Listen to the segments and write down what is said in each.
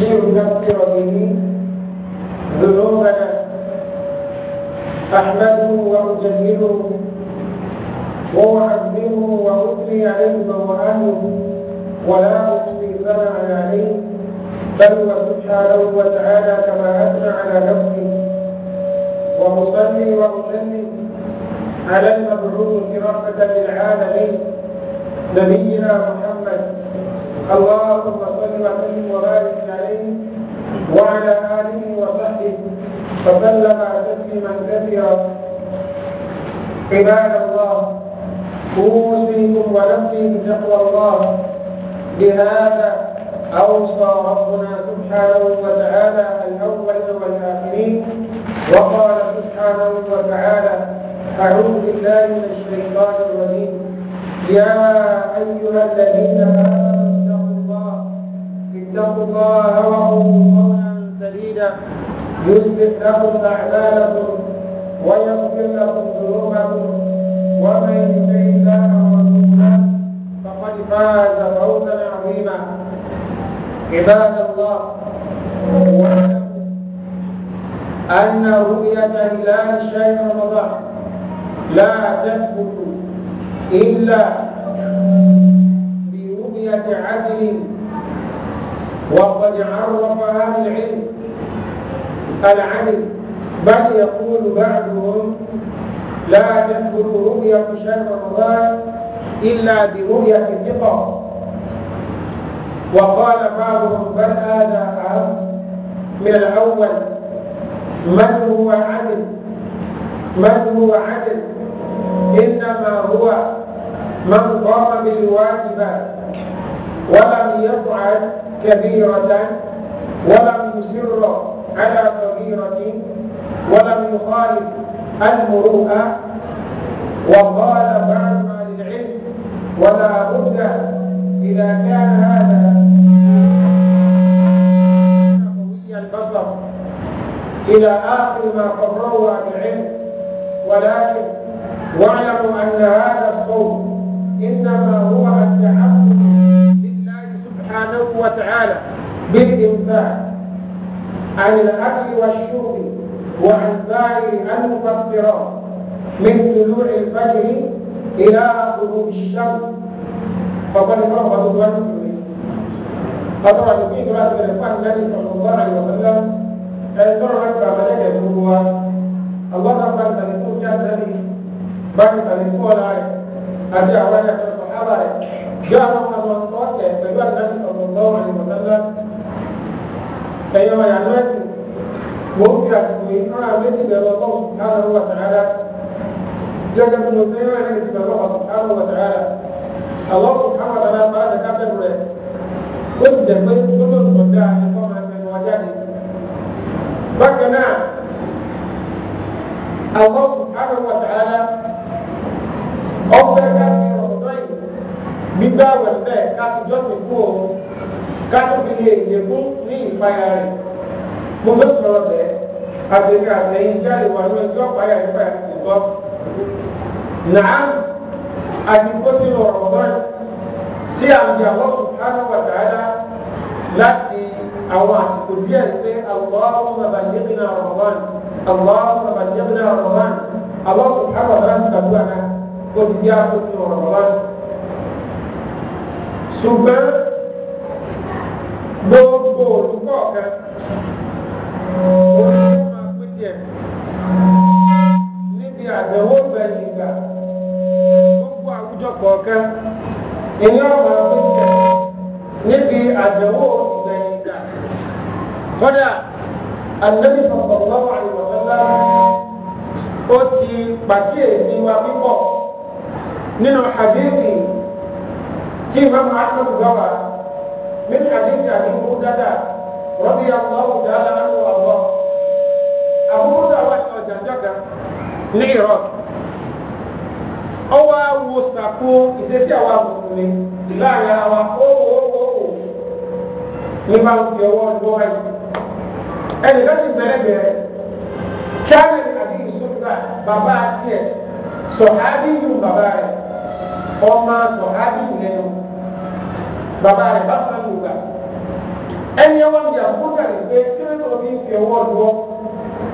ليغفر به ذنوبنا أحمده وأجلله وأعذبه وأثني عليه واهله ولا أحصي ثناء عليه بل وسبحانه وتعالى كما أثنى على نفسي وأصلي وأسلم على المبعوث رحمة للعالمين نبينا محمد اللهم صل وسلم وبارك وعلى آله وصحبه وسلم تسليما كثيرا عباد الله أوصيكم ونفسي بتقوى الله بهذا أوصى ربنا سبحانه وتعالى الأول والآخرين وقال سبحانه وتعالى أعوذ بالله من الشيطان الرجيم يا أيها الذين آمنوا اتقوا الله وقولوا قولا سديدا يصلح لكم اعمالكم ويغفر لكم ذنوبكم ومن يطع الله ورسوله فقد فاز فوزا عظيما عباد الله ان رؤيه هلال الشيخ رمضان لا تثبت الا برؤيه عدل وقد عرف اهل العلم العدل بل يقول بعضهم لا تدخل رؤية شهر رمضان إلا برؤية الثقة وقال بعضهم بل هذا أهم من الأول من هو عدل من هو عدل إنما هو من قام بالواجبات ولم يفعل كبيرة ولم يصر على صغيرة ولم يخالف المروءة وقال بعض أهل العلم ولا بد إذا كان هذا قوي البصر إلى آخر ما قرروا العلم ولكن واعلموا أن هذا الصوم إنما هو التعبد سبحانه وتعالى بالإنفاق عن الأكل والشرب وعن سائر المفطرات من طلوع الفجر إلى غروب الشمس فقال الله عز وجل فطبعا في دراسة الإنسان النبي صلى الله عليه وسلم ترى لك عملك هو الله ربنا سنكون جاء النبي بعد سنكون آية أتى أولا الصحابة jọ àwọn ọmọ ọ̀tẹ̀ pẹ̀lú àdáni ọ̀gbọ̀ngbọ̀ àìmọ̀sánlá ẹ̀yọ́ ìyànú ẹ̀sìn mo ń fi àsìkò yìí rán àwọn méjì bẹ̀rù ọlọ́run subhanahu wa ta'ala gẹ́gẹ́ bí mo ṣe ń rán ẹ̀sìn bẹ̀rù ọlọ́run subhanahu wa ta'ala àwọn subhanahu wa ta'ala máa ń rẹ̀ ó sì jẹ́ pé gbàwẹ̀ bẹ́ẹ̀ káfí jọ́sìn fún òun káfí fi lè lékún ní ìpayà rẹ̀ mo ló sọ̀rọ̀ bẹ́ẹ̀ àgbègbè àtẹ̀yìn jáde wà ní ọjọ́ ìpayà nípa ìtọ́ nàá àti kó sínú ọ̀rọ̀ bọ́ọ̀lù tí a ń bí àwọn sùnkánú wà dáadáa láti àwọn àsìkò díẹ̀ pé Allahumma ballighna Ramadan Allahumma ballighna Ramadan àwọn sùnkánú wà dáadáa gbogbo àná kó fi díẹ̀ kó ṣùgbọ́n gbogbo olùkọ́ kan orí máa pín tiẹ̀ níbi àdánwò bẹ̀rẹ̀ ìgbà gbogbo àwùjọ kọ̀ọ̀kan ìní ọ̀rọ̀ máa pín tiẹ̀ níbi àdánwò bẹ̀rẹ̀ ìgbà kọ́dà Ànábì sallallahu alaihi wasallam ó ti pàkíyèsí wa púpọ̀ nínú hadithi tí imam ahmed gawa min hadith abi hudada rọ́bì allahu ta'ala anhu allah abu hudada wà ní ọjà njọ́ka ní iraq ọwọ́ awo sako ìṣesí àwọn amùsùnmí láàrin àwa owó ní bá ń fi ọwọ́ lọ ẹ̀ ẹnì kan ti bẹ̀rẹ̀ bẹ̀rẹ̀ kí á lè àbí ìṣúná bàbá tiẹ̀ sọ̀hábíyù bàbá rẹ̀ ọmọ sọ̀hábíyù bàbá rẹ̀ bá fẹ́ mú gbà ẹni ẹwọ́ ní àbúrò rẹ̀ pé kí ló tó fi fi ọwọ́ lọ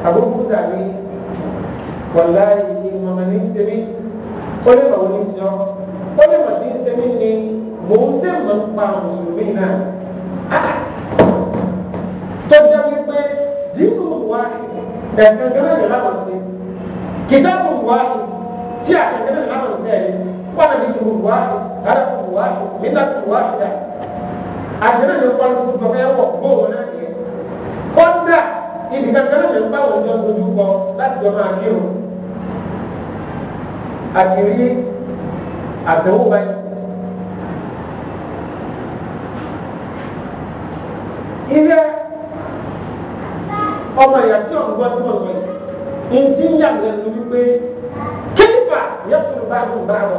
àbúrò rẹ̀ ní wàláyé ní mọ̀mọ́ ní sẹ́mi ó lè mọ̀ ní sọ ó lè mọ̀ ní sẹ́mi ní mò ń sẹ́ mọ̀ ń pa mùsùlùmí náà tó jẹ́ wípé dínú wa ẹ̀sìn kẹlẹ́ yẹn láwọn sí kìtàbù wa tí àtẹ̀kẹ́lẹ́ yẹn láwọn sí ẹ̀ wọ́n á bí dùn wa. هدف واحد ملة واحدة àjẹ́rẹ́ lè kọ́ lóko tó fẹ́ wọ̀ bóòwò náà nìyẹn kọ́ńdà ibi kankan lè ń bá wọn jọ lójú kọ láti jọ máa kí o àṣírí àdánwò báyìí. ilé ọmọ ìyá tí ò ń gbọ́ tí mo sọ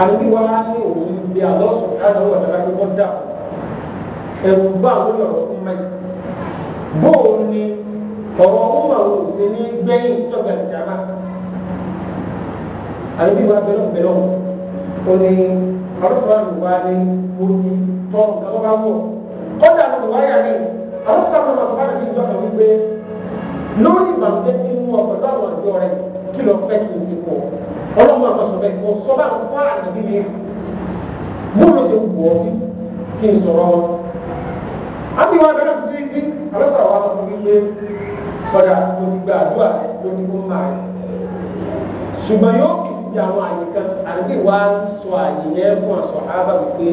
àdébí wa ní òun bí alọ́sùn káàdùn wà dára kó dà ẹ̀rù bá àwọn ọ̀rọ̀ fún mẹ́yì bóò ni ọ̀rọ̀ ọ̀hún mà wò ṣe ní gbẹ́yìn tọ́gbà ìjàmbá àdébí wa bẹ̀rẹ̀ bẹ̀rẹ̀ ò ní àrùkọ́ àlùwà ni mo ti tọ́ nǹkan tó bá wọ̀ kọ́dà àlùwà yà ni àrùkọ́ àlùwà tó bá rẹ̀ ní ìjọba wípé lórí ìbànújẹ́ tí ń wọ̀ pẹ̀lú àjọ rẹ̀ kí lọ fẹ́ kí o ṣe pọ̀ ọlọ́run àwọn sọ bẹ́ẹ̀ kò sọ bá wọn fún àná bíbí yẹn mú ló ṣe wù ọ́ sí kí n sọ̀rọ̀ wọn. a ti wá bẹ̀rẹ̀ sí sí àlọ́sọ̀rọ̀ wa sọ fún mi pé ọ̀dà mo ti gba àdúrà lórí fún máa rẹ̀ ṣùgbọ́n yóò kì í àwọn àyè kan àbí wá sọ àyè yẹn fún àṣọ ábà wípé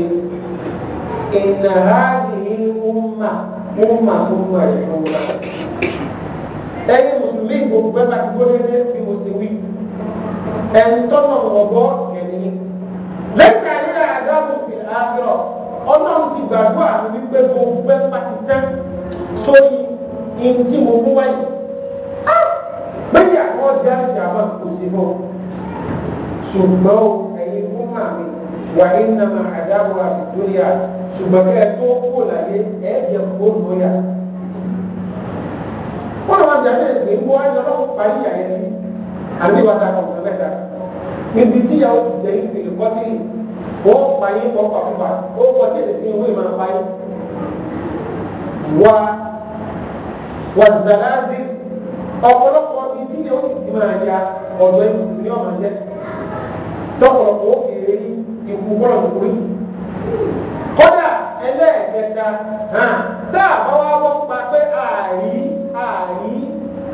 ìnà ráàyè umma umma umma ìfowópamọ́ ẹni mùsùlùmí gbogbo ẹ̀ bá ti gbọ́ dédé bí mo ṣe wí ẹni tọ́nà ọ̀bọ ẹni lẹ́ka ilé àdáwò fi àárọ̀ ọlọ́run ti gbàdúrà mi wípé mo fẹ́ pàtí tán sórí ihun tí mo mú wáyé bẹ́ẹ̀ni àwọn ọjà ìjà máa kò sí mọ́ ṣùgbọ́n ẹ̀yin fún màmí wà nínú àdáwò àbìdóríà ṣùgbọ́n kẹ́ ẹ tó kó láyé ẹ jẹ kó lóyà. wọ́n lọ́wọ́ jà ní ẹ̀sìn ìwọ ayọ̀ lọ́wọ́ parí ìyá àbí wàá kàkà ọ̀sán mẹ́ta níbi tí yàwó ti jẹ́ ibi ìkọ́tì ó pààyè ó pàkúpà ó kọtí èdè sí ìwé ìmọ̀ àpáyé wà wà zàlázì ọ̀pọ̀lọpọ̀ ibi tí yàwó ti ti máa ya ọ̀dọ́ ìbùsùn ní ọ̀mà jẹ́ tọ́pọ̀lọpọ̀ ó kéré ikú bọ́ọ̀lù kúrì kódà ẹlẹ́ẹ̀kẹta tá a bá wá wọ́n pa pé ààrí ààrí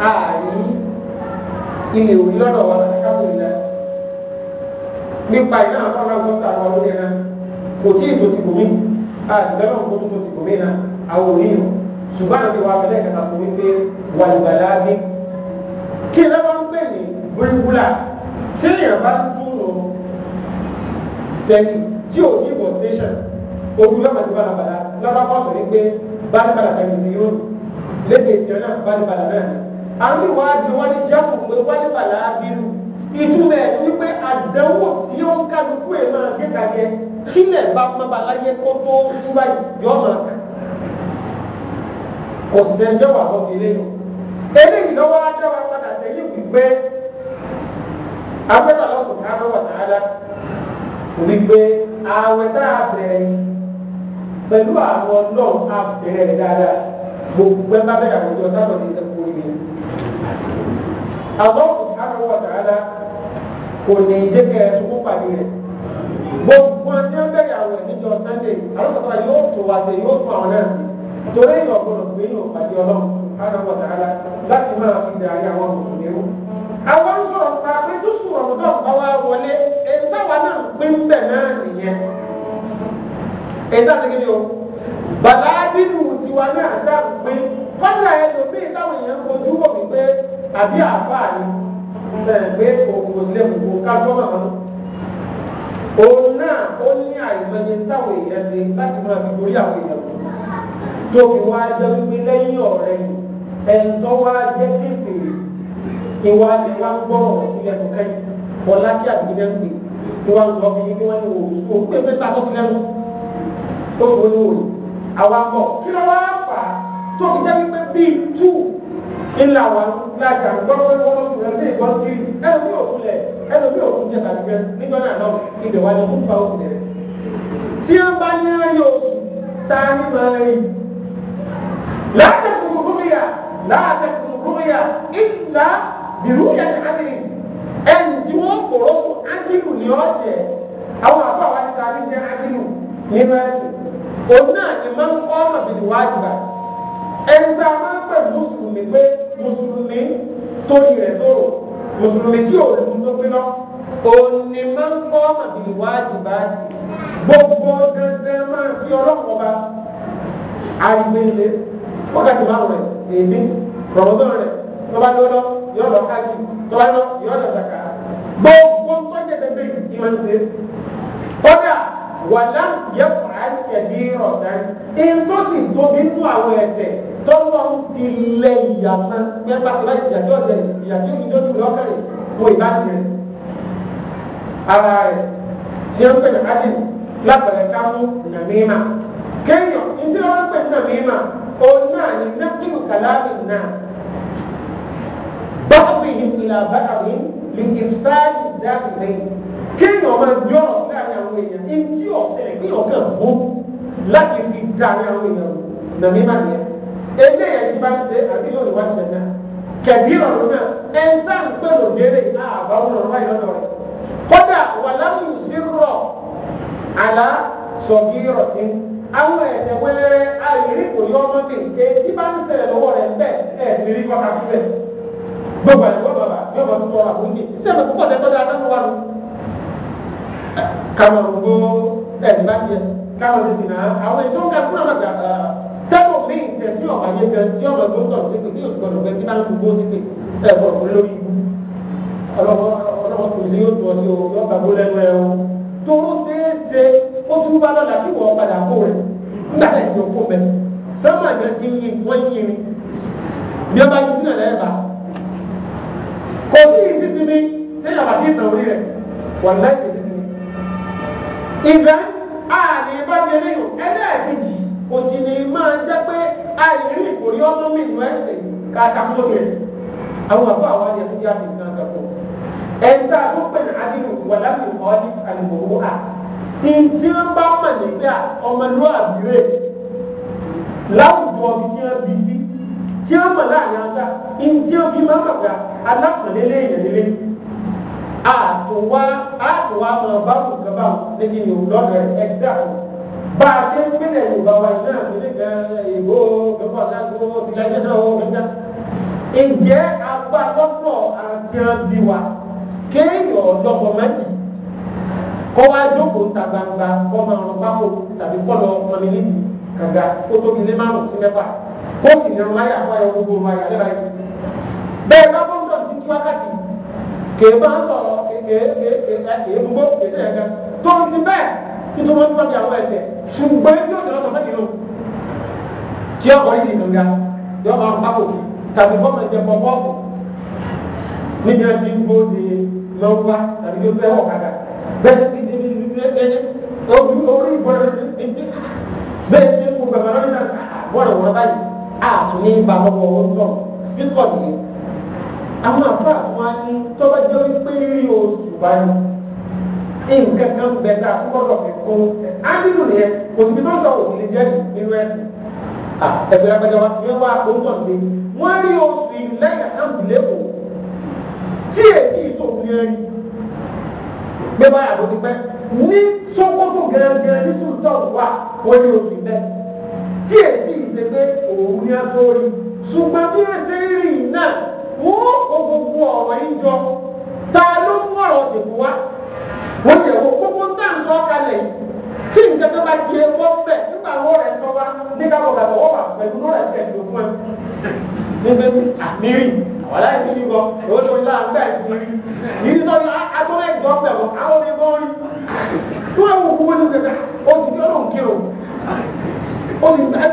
ààrí ilé òní lọ́dọ̀ wa káfíń náà nípa iná àpá náà gbọ́dọ̀ àwọn olóyè náà kò tí ì tó ti bòmí àtìlẹ́yìn kó tó tó ti bòmí náà àwọn òyìn ṣùgbọ́n àti wàá fẹ́lẹ́ kàkà fún mi pé wà lùgbà láàbí kí ẹ lọ́wọ́ ń pè ní búlúbúlà tí èèyàn bá tún lọ tẹ́lẹ̀ tí ò ní bọ̀ station ojú lọ́mọ ti balabala lọ́wọ́ kọ́ sọ ní pé balabala àwọn ìwádìí wọn ní jákùn pé wálé bàlá bínú ìtumọ̀ ẹ̀ wípé àdánwò tí ó ń kálukú ẹ̀ máa gé kàgẹ́ sílẹ̀ bá pọ́nba láyé kó tó túbà yọ máa kà ọ̀sẹ̀ ẹjọ́ wà lọ́ọ́ fi lẹ́nu eléyìí lọ́wọ́ ajọ́ wa padà sẹ́yìn wípé agbẹ́ta lọ́sùn káná wà náírà wípé ààwẹ̀ tá a bẹ̀rẹ̀ pẹ̀lú àwọn náà a bẹ̀rẹ̀ dáadáa gbogbo ẹ̀ bá bẹ̀rẹ̀ àwọn ọjọ́ sábà ní ìtẹ̀kùn orí àmọ́ subhanahu wa ta'ala kò ní í dékẹ́ ẹ̀sùnkú pàdé rẹ̀ gbogbo ẹni ẹgbẹ́rẹ́ àwẹ̀ níjọ sunday alọ́sọ̀tà yóò tó wá sí yóò tó àwọn náà sí torí ìyọ̀ gbọdọ̀ pé yóò pàdé ọlọ́run subhanahu wa ta'ala láti máa fi dàrí àwọn mùsùlùmí rú. àwọn sọ̀rọ̀ ta pé dúsù ọ̀rọ̀ náà bá wá wọlé èyí táwa náà pín bẹ̀ náà nìyẹn èyí táwa ti kí ni o bàbá bínú tiwa náà dáàbò pín kọ́dà ẹlòmíì táwọn èèyàn ń fojú wò mí pé àbí àáfàá ni pé òkú sílẹ̀ kò kájọ́ màmá òun náà ó ní àìmọye táwọn èèyàn ṣe láti máa fi borí àwọn èèyàn kù tó fi wá jẹ́ wípé lẹ́yìn ọ̀rẹ́ yìí ẹni tó wá jẹ́ kéfèé ìwà ni wá ń gbọ́ ọ̀rọ̀ sílẹ̀ kù kẹ́yìn ọ̀la kí àgbélẹ̀ ń pè ìwà ń sọ fún kí wọ́n ní òòlù òkú èpè wọ́n ní tó fi jẹ́ wípé bíi tú ilà wà lájà gbọ́dọ̀ wọ́n sùn ẹ̀ ní ìbọn sí ẹnu bí òkú lẹ̀ ẹnu bí òkú jẹ tàbí rẹ níjọ́ náà náà ibẹ̀ wà ní kúkú àwọn òkú rẹ̀. tí a bá ní ayé oṣù ta ni màá rí látẹ̀kùn rúbíyà látẹ̀kùn rúbíyà ìlà bìrúyà ní adìrì ẹni tí wọ́n kọ̀rọ̀ fún ádìrù ní ọ̀jẹ̀ àwọn àbá wa ti ta ní jẹ́ ádìrù nínú ẹ̀sìn òun náà ni máa ń kọ́ ọmọ bìrì wájú báyìí ẹni tá a máa ń pè mùsùlùmí pé mùsùlùmí tó di rẹ̀ lóru mùsùlùmí tí ò lù tó pín lọ òní máa ń kọ́ màbìlì wáàjì báàjì gbogbo dandan máa fi ọlọ́pàá bá àìgbélé wákàtí márùn rẹ̀ èmi rọ̀mọ́tò rẹ̀ tọ́ba lọ́dọ̀ yọ̀ lọ́ káàkiri tọ́ba lọ́ yọ̀ lọ́ zaka gbogbo tọ́jà tẹ́tẹ́ ìmọ̀ ní ṣe kọ́dà wàlá yẹ fàá ẹbí rọ̀dá ètò sì tóbi nínú àwọn ẹ̀ṣẹ̀ tọ́wọ́ ń ti lẹ ìyàmọ́ nípa ti láì ìyàtí ọ̀jẹ̀ ìyàtí òbí tó dùn lọ́kàrẹ̀ wọ ìbáṣe rẹ̀ ara rẹ̀ tí ó ń pè ní ádì lábẹ̀rẹ̀ kámú nàmímà kéèyàn ní tí wọ́n ń pè nàmímà òun náà ní nẹ́tìmù kàlámì náà báwo ìhìn ìlà bákàwé lè ìfúsáàjì dáàbì lẹ́yìn àwọn èèyàn ní tí ọ̀sẹ̀lẹ̀ kí ọ̀gá mú láti fi da ní àwọn èèyàn nàmí má yẹ eléyà tí bá ń ṣe àbí yóò wá ṣe náà kẹ̀bí ọ̀rọ̀ náà ẹ̀ ń sá ń pè lò délé àbá wọn ọ̀rọ̀ báyìí lọ́dọ̀ rẹ̀ kódà wà láwùjọ sí rọ̀ àlá sọ̀bí rọ̀ sí àwọn ẹ̀jẹ̀ wẹ́rẹ́ àìrí kò yọ ọmọ kéèké tí bá ń ṣẹlẹ̀ lọ́wọ́ rẹ̀ bẹ́ẹ̀ ẹ̀ lérí kọ́ka sílẹ̀ gbogbo àìkọ́ bàbá yóò bá tó tọ́ àbújì sẹ́mi púpọ̀ tẹ́tọ́ kama gbogbo ẹ̀dùnmá tiẹ̀ kama ti dìnnà àwọn ètò ń ka fún àwọn àgbà eh, tẹ́lọ̀ mi tẹ̀sí ọ̀wá yé gan tí ọ̀nà tó ń tọ̀ sí pé ní oṣù gbọdọ̀ bẹ́ẹ̀ tí máa ń gbogbo sí pé ẹ̀fọ́ eh, lórí ibú ọlọ́wọ́ kò sí yóò tọ́ sí o yọ gbàgbó lẹ́nu ẹ o tóró ṣeéṣe ó tún bá lọ́la kí wọ́n padà kó rẹ̀ nígbà tá ìdí okó bẹ́ẹ̀ sọ́mà yẹn ti ń yin wọ́n ni bí ọba yìí sínú ẹ̀ bá kò sí ìsinmi tẹ́lẹ̀ àbàtì ìtàn orí rẹ̀ wọ́n ìgbà ààrẹ ìbájẹ nínú ẹlẹ́ẹ̀kejì kò sì ní máa jẹ́ pé àìrí ìkórí ọmọ mi nù ẹsẹ̀ kàtàkùn rẹ̀ àwọn àbọ̀ àwọn àyẹ̀ tó yàtọ̀ nǹkan kàkọ́ ẹ̀ńtà tó pè ní adínú wà láti kọ́ ní àlùbọ̀wọ́ à ìtì ń bá mọ̀ nígbà ọmọlúwàbí rẹ̀ láwùjọ ibi tí wọ́n bí sí tí wọ́n mọ̀ láàrin ọjà ìtì ń fi máa mọ̀ gbà alákùnrin lé ìyẹn lé àtòwá àtòwá máa bá kò kaba níbi ní lọ́dọ̀ ẹ̀dá bá a ṣe ń gbélé yorùbá wa iná àbílẹ̀ gan èbó gbẹ́fọ́ náà gbogbo ti láyé sọ̀rọ̀ owó mi náà. ǹjẹ́ apá lọ́pọ̀ àti àbí wa kéèyàn ọ̀dọ́kọ̀ méjì kọ́ wá jókòó níta gbangba kọ́ máa rán pákó tàbí kọ́ lọ ọmọ nílé yìí kàga kó tóbi lé márùn sí mẹ́fà kó sì ní ọmọ ayé àwọn ẹ̀rọ gbogbo ọmọ ayé àlẹ́ báyìí. bẹ́ẹ̀ bá bọ́ kèé bá sọ̀rọ̀ kèé kèé kèé ń gbó kèé tẹ̀lé kan tó ń ti bẹ́ẹ̀ nítorí wọn ti wọn ti àwọn ẹsẹ̀ ṣùgbọ́n tí ó ti lọ́sọ̀ mẹ́rin lò tí ọkọ̀ yìí nìkan ga yọ máa ń bákò kí tàbí bọ́ọ̀mù ẹ̀jẹ̀ pọ̀pọ́ọ̀mù níbi ẹtì ń gbó de lọ́wọ́ tàbí tó fẹ́ ọ̀kadà bẹ́ẹ̀ ti di ní ní orí ìbọ̀rẹ̀ bẹ́ẹ̀ ti kú bẹ̀rẹ̀ lọ́wọ́ bọ́ọ̀rẹ̀ wọ́n báyìí àtúnyẹ́ ìbámu ọ̀wọ́ àwọn àbá àwọn ni tọ́ba jẹ́ wípé rí oṣù bá nǹkan kan bẹ tá a kọ́kọ́ lọ fi kún ádìrú nìyẹn kò sì fi tó ń sọ òsì lè jẹ́ nínú ẹ̀sìn ẹgbẹ́ abẹ́jọ́ wa fi wá àpòǹtọ̀ ní wọ́n rí oṣù lẹ́yìn àkáǹtì lẹ́kọ̀ọ́ tí èsì ìṣòfin ẹ̀rí gbé báyà ló ti pẹ́ ní Sókótó gẹ́gẹ́ ní tòótọ́ wà wọ́n ní oṣù bẹ́ẹ̀ tí èsì ìṣègbè òun ní aṣọ orí ṣùgbọ́n bí ẹ̀ṣẹ̀ rìn náà sọ ta ló mú ọ̀rọ̀ tètè wá wọ́n jẹ́ wo gbogbo tá à ń sọ kalẹ̀ yìí tí nǹkan tó bá ti yẹ bọ́ bẹ́ẹ̀ nígbà wo rẹ̀ sọ wá ní ká bọ̀gà lọ́wọ́ wà pẹ̀lú lọ́rẹ̀ tẹ̀ ló fún ẹ. nígbà tí àmírí àwọn aláìsí ní bọ èwo ló ń lá àgbà ìsírí yìí sọ ní atọ́lẹ̀ ah, ìjọ bẹ̀ wọ́n àwọn ní bọ́ rí. wọ́n wò kúwé ní kẹta ó ti jọ́ lóun kí o ó ti gbẹ́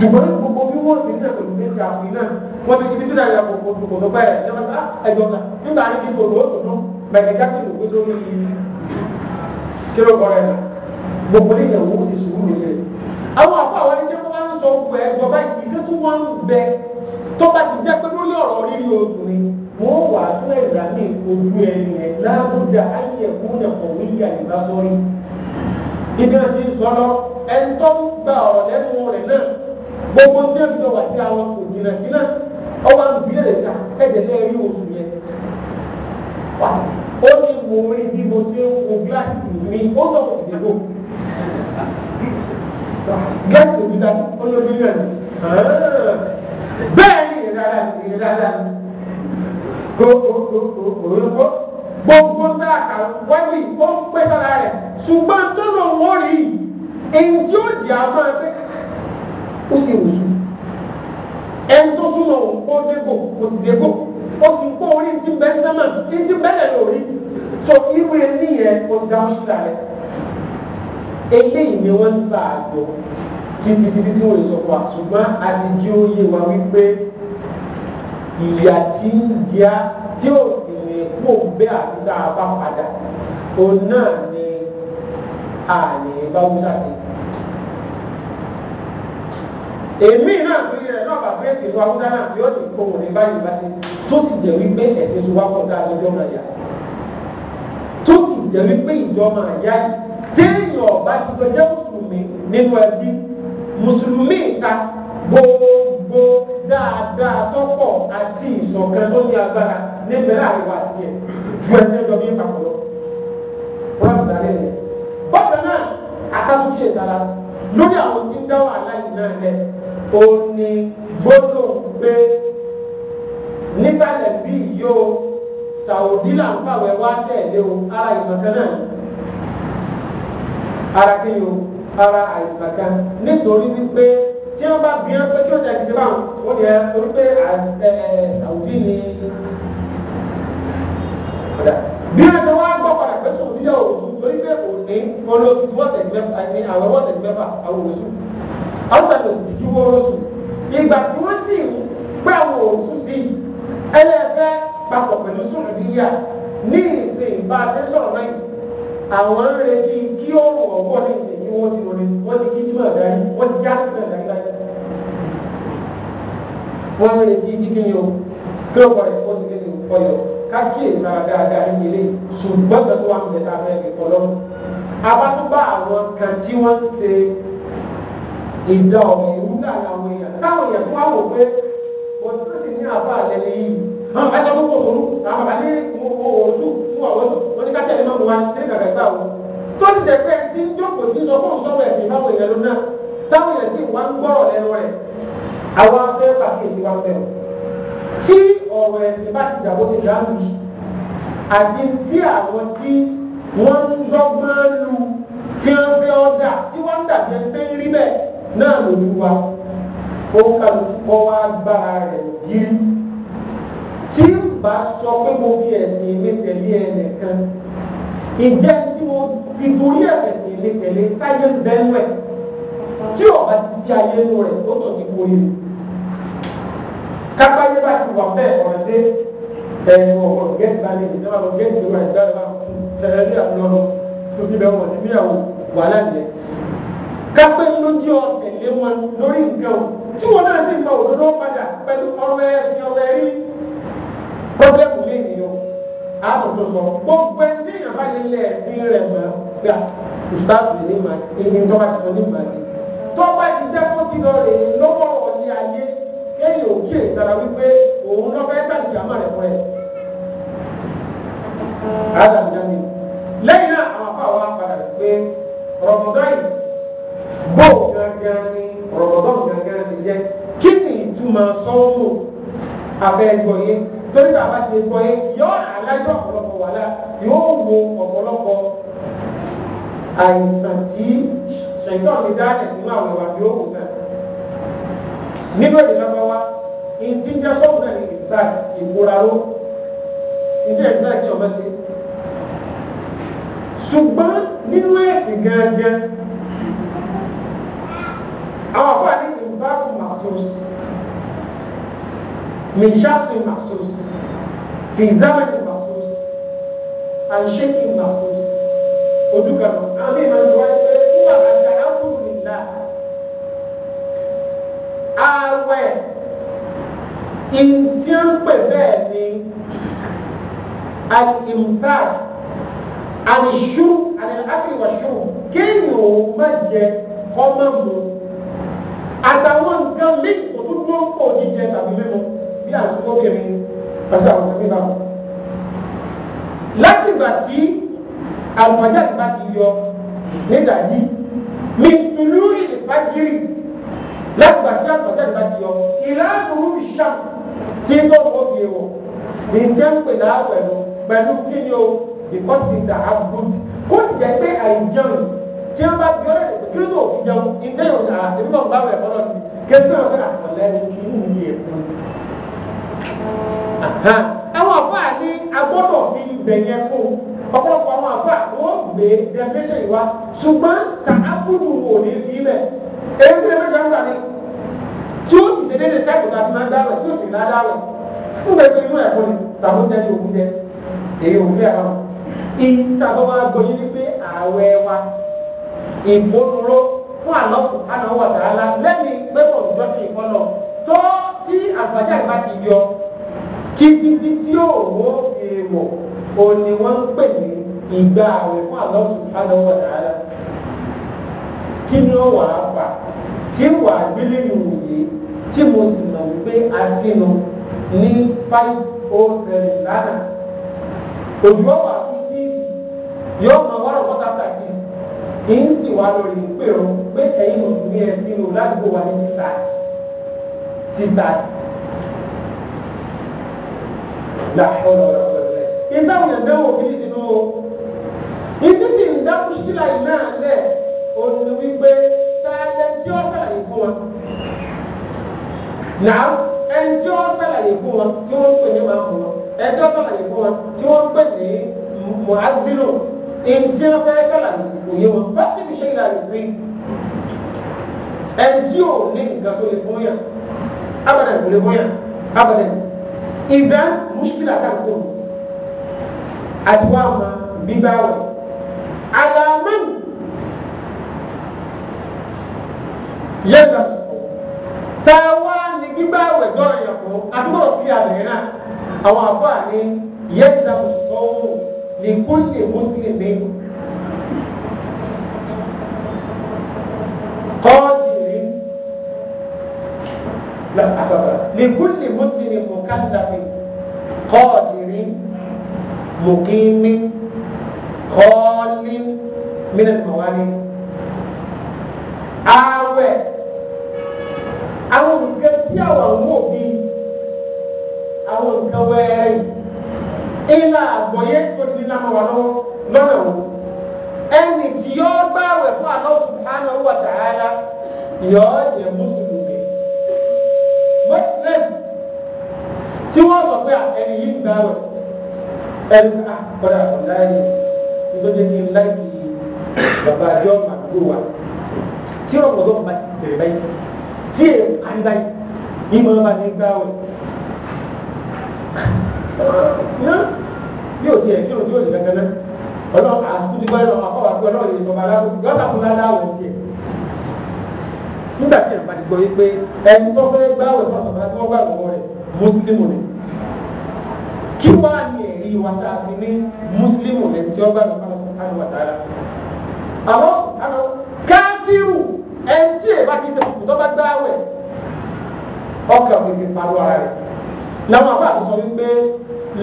ṣùgbọ́n gbogbo bí wọ́n ti ń tẹ̀ pẹ̀lú méjì àwọn iná wọ́n ti ibi tí náà yà gbogbo gbogbo tó bẹ́ẹ̀ ẹ̀jọba sá ẹ̀jọba nígbà yìí kí gbogbo òtútù mẹ̀kẹ́ jákè ló gbé sórí kíló kọ́rẹ́ rẹ̀ gbogbo ní ìyàwó ti sùúrù nílé. àwọn àpá àwọn ẹ̀jẹ̀ wọn ń sọ wù ẹ́ ẹ̀jọba ìdílé tó wọ́n ń bẹ tó bá ti jẹ́ pé lórí ọ̀rọ̀ rírí obìnrin wọ́n wà ẹ̀dá ní ojú ẹ̀ gbogbo ní ẹbí lọ wà sí àwọn òjìnà sí náà ọwọ́ àwọn òbí lè ta ẹ̀jẹ̀ náà rí oṣù yẹn wà ó ní mo rí bí mo ṣe ń wo gíláàsì mi ó sọ fún ìdè lò gíláàsì òbí ta olórí náà bẹ́ẹ̀ ni ìrẹ́dáadáa ìrẹ́dáadáa kò kò kò kò kò gbogbo náà kà wẹ́lì ó ń pẹ́ sára rẹ̀ ṣùgbọ́n tó lò wọ́n rí èyí tí àwọn ẹgbẹ́ ó sì wù ú ẹni tó súnmọ́ òun kó dégò kò sì dégò ó sì ń kó orí ti bẹ́ẹ̀ sẹ́mà ní ti bẹ́ẹ̀ lórí tó irú ẹni yẹn ó dá ó sílá rẹ̀ eléyìí ni wọ́n ń sàájọ títí títí tí wọ́n sọ fún wa ṣùgbọ́n àtijọ́ yé wa wípé ìyà tí ń jẹ́ tí ó sì ní kó bẹ́ àti tá a bá padà òun náà ni àní báwùsà sí èmi náà fi rẹ̀ náà bàbá ètò ìlú awúdá náà fi ó ti kó wọn ní báyìí bá ti tó sì jẹ́ wípé ẹ̀sìn tó wá pọ̀ dáa lọ́jọ́ máa yá tó sì jẹ́ wípé ìjọ máa yá téèyàn ọ̀bá ti gbẹjẹ́ mùsùlùmí nínú ẹbí mùsùlùmí ìta gbogbo dáadáa tọ́pọ̀ àti ìṣọ̀kan tó ní agbára níbẹ̀ láàrin wa àti ẹ̀ ju ẹsẹ̀ jọ bí ìpapọ̀ lọ. wọ́n ti darí rẹ̀. bọ́ọ̀dù náà akásùkì ìtara lórí àwọn tí ń dáwọ́ aláìní náà lẹ́ẹ̀ ó ní gbọ́dọ̀ pé nígbàlẹ̀ bí yóò sàwùdí là ń fàwẹ̀ wá tẹ̀lé o ara ìmọ̀kan náà ara kí ni o ara àìmọ̀kan nítorí wípé tí wọ́n bá bí wọn pé kí wọ́n tẹ̀lé ìṣẹ́ báwọn ó yẹ torí pé sàwùdí ni bí wọn ti wá gbọ́ padà pé sòwòdí yà òòlù torí pé òní olóòtú wọ́n tẹ̀lé mẹ́fà àwọn wọ́n tẹ̀lé mẹ́fà àwọn òṣù hasan ìdúró oṣù ìgbà tí wọ́n sì ń gbà wọ oṣù sí i ẹlẹ́fẹ́ papọ̀ pẹ̀lú sùnù níyà ní ìsìn bá a ti sọ̀rọ̀ náà àwọn ń retí kí ó rọ̀ ọwọ́ ní ìsìn kí wọ́n ti wọlé wọ́n ti kí túmọ̀ dárí wọ́n ti já túmọ̀ dárí láyé. wọ́n ń retí kíkí ni o kí ó kọ̀rọ̀ ìfọ́sí kí ni ọyọ̀ kákíyè sára dáadáa ní ilé ṣùgbọ́n tó wà ń bẹ̀ta fẹ́ẹ́ fi kọ́ lọ́wọ́ abátúbà àwọn kan tí wọ́n ń ṣe ìdá ọ̀rọ̀ ìlú láàrin àwọn èèyàn táwọn èèyàn tó wá pé mo tó sì ní àbá àlẹ́ ni yìí àwọn bàbá tó kò àwọn bàbá ní òòlù fún àwọn wọn ní kájẹ́ ìmọ̀ wa ní gàgà gbà wọ́n tó ti dẹ̀ tí ń jókòó sí sọ fún ẹ̀sìn ìbáwọ̀ ìyẹn lónà táwọn èèyàn sì wá ń gbọ́rọ̀ lẹ́nu rẹ̀ àwọn afẹ́ pàkíyèsí wa fẹ́ tí ọ̀rọ̀ ẹ̀sìn bá ti dàbó ti dáhùn yìí àti tí àwọn tí wọ́n ń dọ́gbọ́n lu tí wọ́n fẹ́ ọjà tí wọ́n dàbí ẹni pé ń rí bẹ́ẹ̀ náà lójú wa ó kálukú kọ́ wá gbára rẹ̀ yírí tí n bá sọ pé mo fi ẹ̀sìn mi tẹ̀lé ẹnìkan ìjẹ́ tí mo fi torí ẹ̀sìn mi tẹ̀lé táyé bẹ́ẹ̀ tí ọba ti sí ayé nù rẹ̀ ó tọ̀ sí kúrò yìí kápá yé bá ti wà bẹ́ẹ̀ ọ̀rọ̀ dé ẹ̀yìn ọ̀rọ̀ gẹ́gẹ́ bá ní ìjọba lọ gẹ́gẹ́ ìjọba ìjọba ẹ̀ẹ́dẹ́gbẹ̀rún lọ́dún tó fi bẹ́ẹ̀ wọ̀ sí níyàwó wàhálà nìyẹn kápẹ́ ló jẹ́ ọ tẹ̀lé wọn lórí nǹkan o tí wọn náà sì gba òdodo padà pẹ̀lú ọ̀rọ̀ ẹ̀sìn ọ̀rọ̀ ẹ̀rí pọ́blẹ́mù lè ní o àtúntò sọ gbogbo ẹni tí èèyàn bá lè lẹ ẹ̀sìn rẹ̀ mọ́ gbà ìṣáàbù ní ma ẹni tó bá ti sọ ní ma ní tó bá ti jẹ́ kó ti lọ rè lọ́wọ́ ọ̀lẹ́ ayé kéèyàn ò kí èsàrà wípé òun lọ́ fẹ́ gbàdúrà jàmá rẹ̀ fún ẹ̀ lẹ́yìn náà àwọn afáwọn apàdà pé rọ̀mọ̀dọ́ gangan ni rọ̀mọ̀dọ́n gangan ni jẹ́ kí ni ìtumọ̀ sọ́wọ́ abẹ́ gbọ́ yé torí bá a bá ti lè gbọ́ yé yọ alájọ ọ̀pọ̀lọpọ̀ wàhálà yóò wo ọ̀pọ̀lọpọ̀ àìsàn tí ṣèǹtọ́ mi dálẹ̀ nínú àwọn ìwà yóò wò sàn nínú èdè lọ́wọ́ wa ìdí jẹ́ sọ́wọ́ náà ní ìgbà ìgbóra ló ìdí ẹ̀dá kí ọmọ sí ṣùgbọ́n nínú ẹ̀sìn gangan àwọn àbúrò ní ìbáàkù maxus mìṣáàtì maxus fìzámẹ́tì maxus àṣẹ́kì maxus ojú kan náà àmì ìmọ̀lẹ́wà ìpè fún àgbàjà ákùnrin nìlá ààwẹ̀ ìdí ń pè bẹ́ẹ̀ ni al-imsak al-shurb al-akli wa shurb kéèyàn ó má jẹ àtàwọn nǹkan méjì tó tún dúró pọ̀ jíjẹ tàbí mímu bí àsopọ̀kẹ́mi àti àwọn ọ̀sẹ̀ bíbá wọn. láti ìgbà tí àlùfáàjà ti bá ti yọ nígbà yìí mi ìlú ìfàjìrì láti ìgbà tí àlùfáàjà ti bá ti yọ ìlànà ìṣàm tí tó wọ́n fi wọ̀ ní jẹ́ ń pè láàwẹ̀ lọ pẹ̀lú kí ni o because it's a good kó jẹ́ pé àìjẹun tí wọ́n bá fi ọ́ kí ló fi jẹun ìdẹ́ yóò dà èmi náà bá wẹ̀ fọlọ́ mi kẹsí náà fẹ́ àtọ̀lẹ́ kí ní ìlú yẹn fún mi. àwọn àfa ní agbọ́dọ̀ fi ibẹ̀ yẹn fún ọ̀pọ̀lọpọ̀ àwọn àfa wọ́n gbé definition yìí wá ṣùgbọ́n tà á kúrú wò ní ilẹ̀ èyí tó yẹ fẹ́ gbà ní tí ó sì ṣe déédéé táìpù tàbí máa ń dáwẹ̀ tí ó sì ná dáwẹ̀ fún bẹ́ẹ̀ tó inú ẹ̀ fún tàbí ó jẹ́ ní òkú ìmúrúró fún àlọ́kù àná wọ̀ tààlà lẹ́mìí pé kò jọ sí ìfọ́nà tó tí àgbàjá ìbá ti yọ títí tí tí òwò èèmọ̀ òní wọ́n ń pè ní ìgbà àwẹ̀ fún àlọ́kù àná wọ̀ tààlà kí ni ó wà á fà tí wà á gbélé ìwò yìí tí mo sì mọ̀ wípé a sínú ní five oh seven lánàá òjò wà á fi sí yóò mọ wọ́rọ̀ wọ́n ń sì wá lórí pé o pé ẹ̀yin mùsùlùmí ẹ̀ sínú ládùúgbò wa ní sisters sisters làkọ́ lọ́rọ̀ lọ́rọ̀ rẹ̀ ìtàwọn ẹ̀gbẹ́ wò kiri sínú o ìdí sì ń dá mùsùlùmí náà lẹ̀ òní wípé tẹ́lẹ̀ tí ó sàlàyé fún wọn náà ẹni tí ó sàlàyé fún wọn tí wọ́n ń pè ní màmú wọn ẹni tí ó sàlàyé fún wọn tí wọ́n ń pè ní mùhàdínù èyí tí wọ́n fẹ́ kàlà òye wọn bá ti fi ṣe ìlànà ìwé ẹni tí ò ní nǹkan tó lè bóyá abàdà kò lè bóyá abàdà ìgbà mùsùlùmí àkàkọ́ àti wọ́n àmà bíbá wọ̀ alamani yẹ́nà táwa ní bíbá wẹ̀ dọ́rọ̀ yẹ̀kọ́ لكل مسلم قادر لا لكل مسلم مكلف قادر مقيم خال من الموانئ ààwẹ̀ àwọn nǹkan tí àwọn òbí ilà àgbọ̀yé tó ti lámọ̀ wà lọ́wọ́ lọ́nà o ẹnì tí yọ gbà wẹ̀ fún Allah subhanahu wa ta'ala yọ jẹ mùsùlùmí mọ́tìlẹ́sì tí wọ́n sọ pé ẹni yìí ń gbà wẹ̀ ẹni ká bọ́dà ọ̀dà yìí nítorí kí n láì kí bàbá àjọ màdúró wa tí wọ́n kọ̀ tó ń bá bẹ̀rẹ̀ báyìí tí èèyàn kárí báyìí ní mọ̀ ọ́n bá ní gbà yóò tiẹ̀ kí ló ti yóò ti kankan náà ọlọ́run àti gbọ́ ẹ̀rọ àkọ́wà pé ọlọ́run yìí sọ̀rọ̀ aláwọ̀ yóò sàkún láláwọ̀ tiẹ̀ nígbà tí ìyàpá ti gbọ́ wípé ẹni tó fẹ́ gbáwẹ̀ fọ́sọ̀tà tó gbà lọ́wọ́ rẹ̀ mùsùlùmù ni kí wá ní ẹ̀rí wa tá a fi ní mùsùlùmù rẹ̀ tí ó gbà lọ́wọ́ fọ́sọ̀tà tó wà dára àwọn àwọn káfíù ẹni tí èèbá ti ṣe kùtù tó bá gbáwẹ̀ ọkàn òkè parọ́ ara rẹ̀ làwọn àbá àtúntò wípé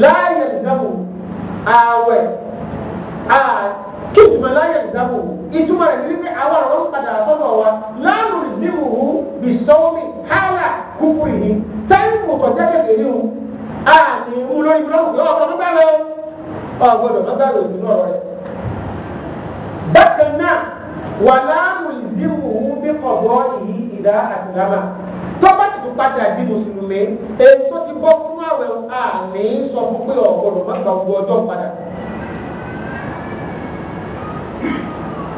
láàyè ìdáhùn ààwẹ̀ à kí ìtumọ̀ láàyè ìdáhùn ìtumọ̀ rẹ̀ wípé àwọn ọ̀rọ̀ ń padà sọ́dọ̀ wa láàrú ìdíwòwò bìsọ́wọ́mì hálà kúkúrì ni táyìmù tó jẹ́ kékeré o àmì ìmúlórí búlọ́ọ̀kù yóò ọ̀gbọ́n tó gbàgbé o ọ̀gbọ́dọ̀ má gbàgbé òsì náà rẹ̀ bákan náà wà láàrú ìdíwòwò bí ọ̀gbọ́n yìí ìdá àtìlámà tọ́ba ti tún padà di mùsùlùmí èyí tó ti bọ́ fún àwẹ̀ àní sọ fún pé ọ̀gbọ̀dọ̀ má gba gbogbo ọjọ́ padà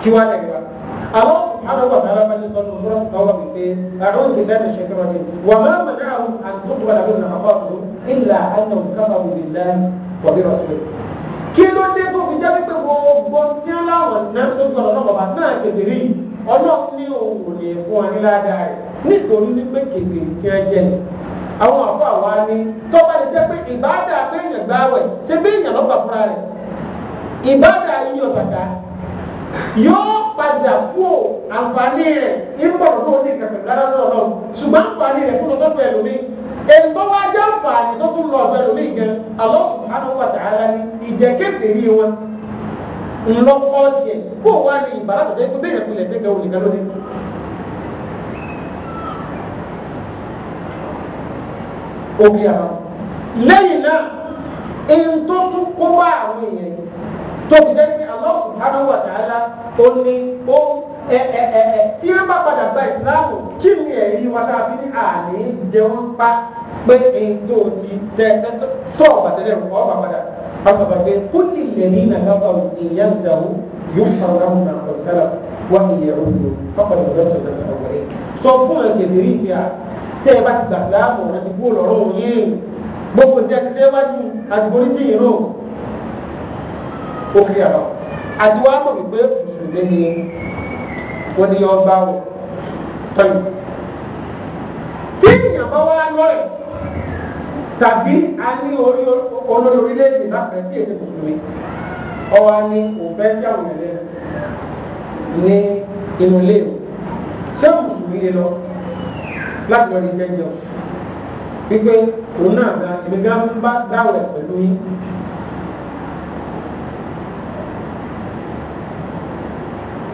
kí wá lẹ́yìn wa àwọn alọ́gbà bàbá bá ti sọnù fúnra fún àwọn wípé àwọn ìgbé dáná ṣe kẹrọ ni wà má mà náà àtúntò wà lábẹ́ ònà àbá ọ̀tún ìlà àná kábà wò lè lá wà bí rọ̀sùn kí ló dé tó fi jẹ́ pípé gbogbo tí aláwọ̀ náà tó gbọ́dọ̀ náà bàbá náà kébèrè ọlọ́run ní òun kò lè fún ọ ní ládàá rẹ̀ nítorí wípé kèké tí wọ́n jẹ́ àwọn àbọ̀ àwa ni tó bá lè jẹ́ pé ìbáàdà abéèyàn gbá wẹ̀ ṣé béèyàn lọ́gbà fúnra rẹ̀ ìbáàdà yíyọ bàtà yóò padà kú àǹfààní rẹ̀ ìbọ̀rọ̀ tó ní kẹfẹ́ lára lọ́wọ́ ṣùgbọ́n àǹfààní rẹ̀ fún lọ́sọ̀tọ̀ ẹlòmí ètò wa jẹ́ àǹfààní tó tún lọ ọ̀sẹ̀ ẹlòmí gan Allah subhanahu wa ta'ala ni ìjẹ́kẹ́tẹ̀ rí wọn ńlọ́kọ́ tiẹ̀ kó wa ní ìbára tó dé tó bẹ́ẹ̀ omi àwọn lẹ́yìn náà ihun tó tún kó bá àwọn èèyàn tó fi jẹ́ pé Allah subhanahu wa ta'ala ó ní ó ẹ ẹ ẹ ẹ tí wọ́n bá padà gba ìsìláàmù kí ni ẹ̀rí wa dáa fi ní àní jẹun pa pé ihun tó ti tẹ ẹ tó ọ̀gbà tẹ́lẹ̀ ọ̀ bá padà asọ̀tọ̀ pé kúlì lẹ́ni nàgbàgbà ìyẹn dàrú yóò fara wọn náà ọ̀sẹ̀ la wọ́n ti yẹ ojú ọ̀pọ̀lọpọ̀ ọ̀sẹ̀ lọ́sọ̀rọ̀ wọ̀nyí sọ fún ẹ̀kẹ́ tẹ́ ẹ bá ti gbà síláàmù ọ̀rọ̀ ti gbó lọ́rọ̀ yín gbogbo ní ẹtí léwájú àti boríjì yìí rò ó kiri àlọ́ àti wàá mọ̀ wípé mùsùlùmí ni wọ́n ní ọba wò tọ́yìn tí èèyàn bá wá lọ́rẹ̀ tàbí a ní orí olórí orílẹ̀-èdè láfẹ̀ẹ́ tí èdè mùsùlùmí ọwọ́ a ní òfẹ́ tí àwọn ẹ̀rẹ́ ní inú ilé o ṣé mùsùlùmí lè lọ láti lọ rí jẹjẹ o wípé òun náà gan èmi gan ń bá dáwẹ̀ pẹ̀lú yín.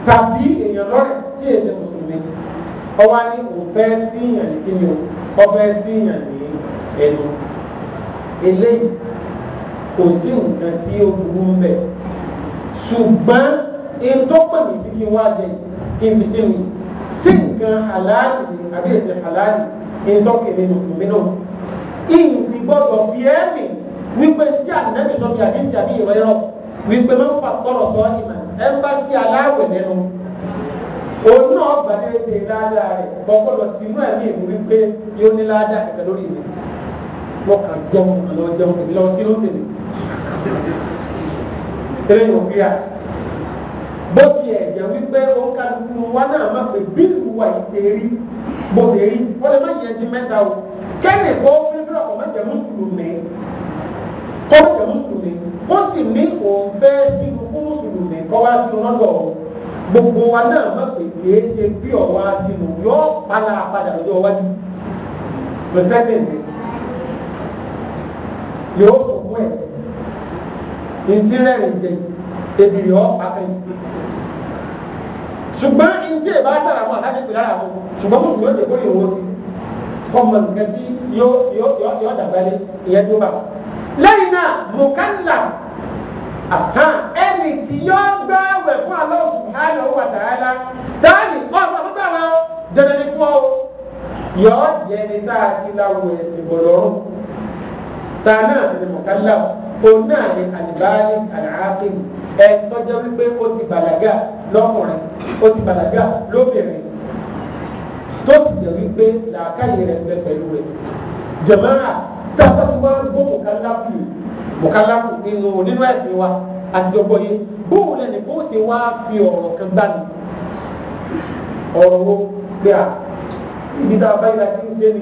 tàbí èèyàn lọ́rẹ̀ tí èsè mùsùlùmí ọwọ́ ní òfẹ́ sí ìyàn ní kíni o ọfẹ́ sí ìyàn ní ẹnu eléyìí kò sí nǹkan tí ó burú ń bẹ̀ ṣùgbọ́n ètò pèmí sí kí wọ́n jẹ kí n fi sí mi sí nǹkan aláàlì ni àbí èsì aláàlì ní tọ́kìlì mùsùlùmí náà ìyìn sì gbọ́dọ̀ fi ẹ́mì wípé tí ànábì sọ fi àdéhùn àbí ìwé rọ wípé máa ń fà sọ̀rọ̀ sọ ìmọ̀ ẹ bá sí aláwẹ̀ lẹ́nu òun náà gbàdéhùn ládàá rẹ̀ kọ́kọ́dọ̀ sínú ẹ̀mí ìlú wípé yóò ní ládàá kẹ̀kẹ́ lórí mi wọ́n kà jẹun àlọ́ jẹun èmi lọ sí lóṣèlú bó tiẹ̀ jẹ́ wípé ó kálukú wa náà má pé bílù wa ìṣe rí bó ṣe rí wọ́n lè má yẹ ti mẹ́ta o kẹ́ni kó fífúrà kò má jẹ́ mùsùlùmí kó má jẹ́ mùsùlùmí kó sì ní òun fẹ́ sínú fún mùsùlùmí kó wá sínú lọ́dọ̀ o gbogbo wa náà má pé kìí ṣe bí ọ̀wá sínú yọ padà padà lọ́jọ́ wájú lọ́sẹ̀sẹ̀ ní yóò tó fún ẹ̀ ìtìrẹ̀rẹ̀ jẹ ebi yọ afẹ́ yìí ṣùgbọ́n ìdí ìbá sára wọn àtàkì pè lára wọn ṣùgbọ́n mo dùn ó lè bóyá owó sí ọmọ nǹkan tí yóò yóò yóò dàgbálẹ̀ ìyẹn tó bá lẹ́yìn náà mùkálà ẹnì tí yóò gbá wẹ̀ fún Allah subhanahu wa ta'ala dáàbì ọ̀sán tó bá wọn dandan ní fún ọ yọ̀ọ́ jẹ́ ní tá ti la ẹ̀sìn bọ̀ tá a náà ti mùkálà òun náà ni ẹ̀ẹ́dọ́jọ́ wípé ó ti bàlágà lọ́kùnrin ó ti bàlágà lóbìnrin tó sì jẹ́ wípé làákàyè rẹ̀ ń bẹ pẹ̀lú rẹ̀ jẹ̀mọ́ra tá a bá ti wá gbó mọ̀káláfù mọ̀káláfù nínú nínú ẹ̀sìn wa àtijọ́gbọ́ yìí bóun lẹ́nu kó sì wá fi ọ̀rọ̀ kan gbà mí ọ̀rọ̀ wo pé à ibi tá a bá yíra kí n ṣe ni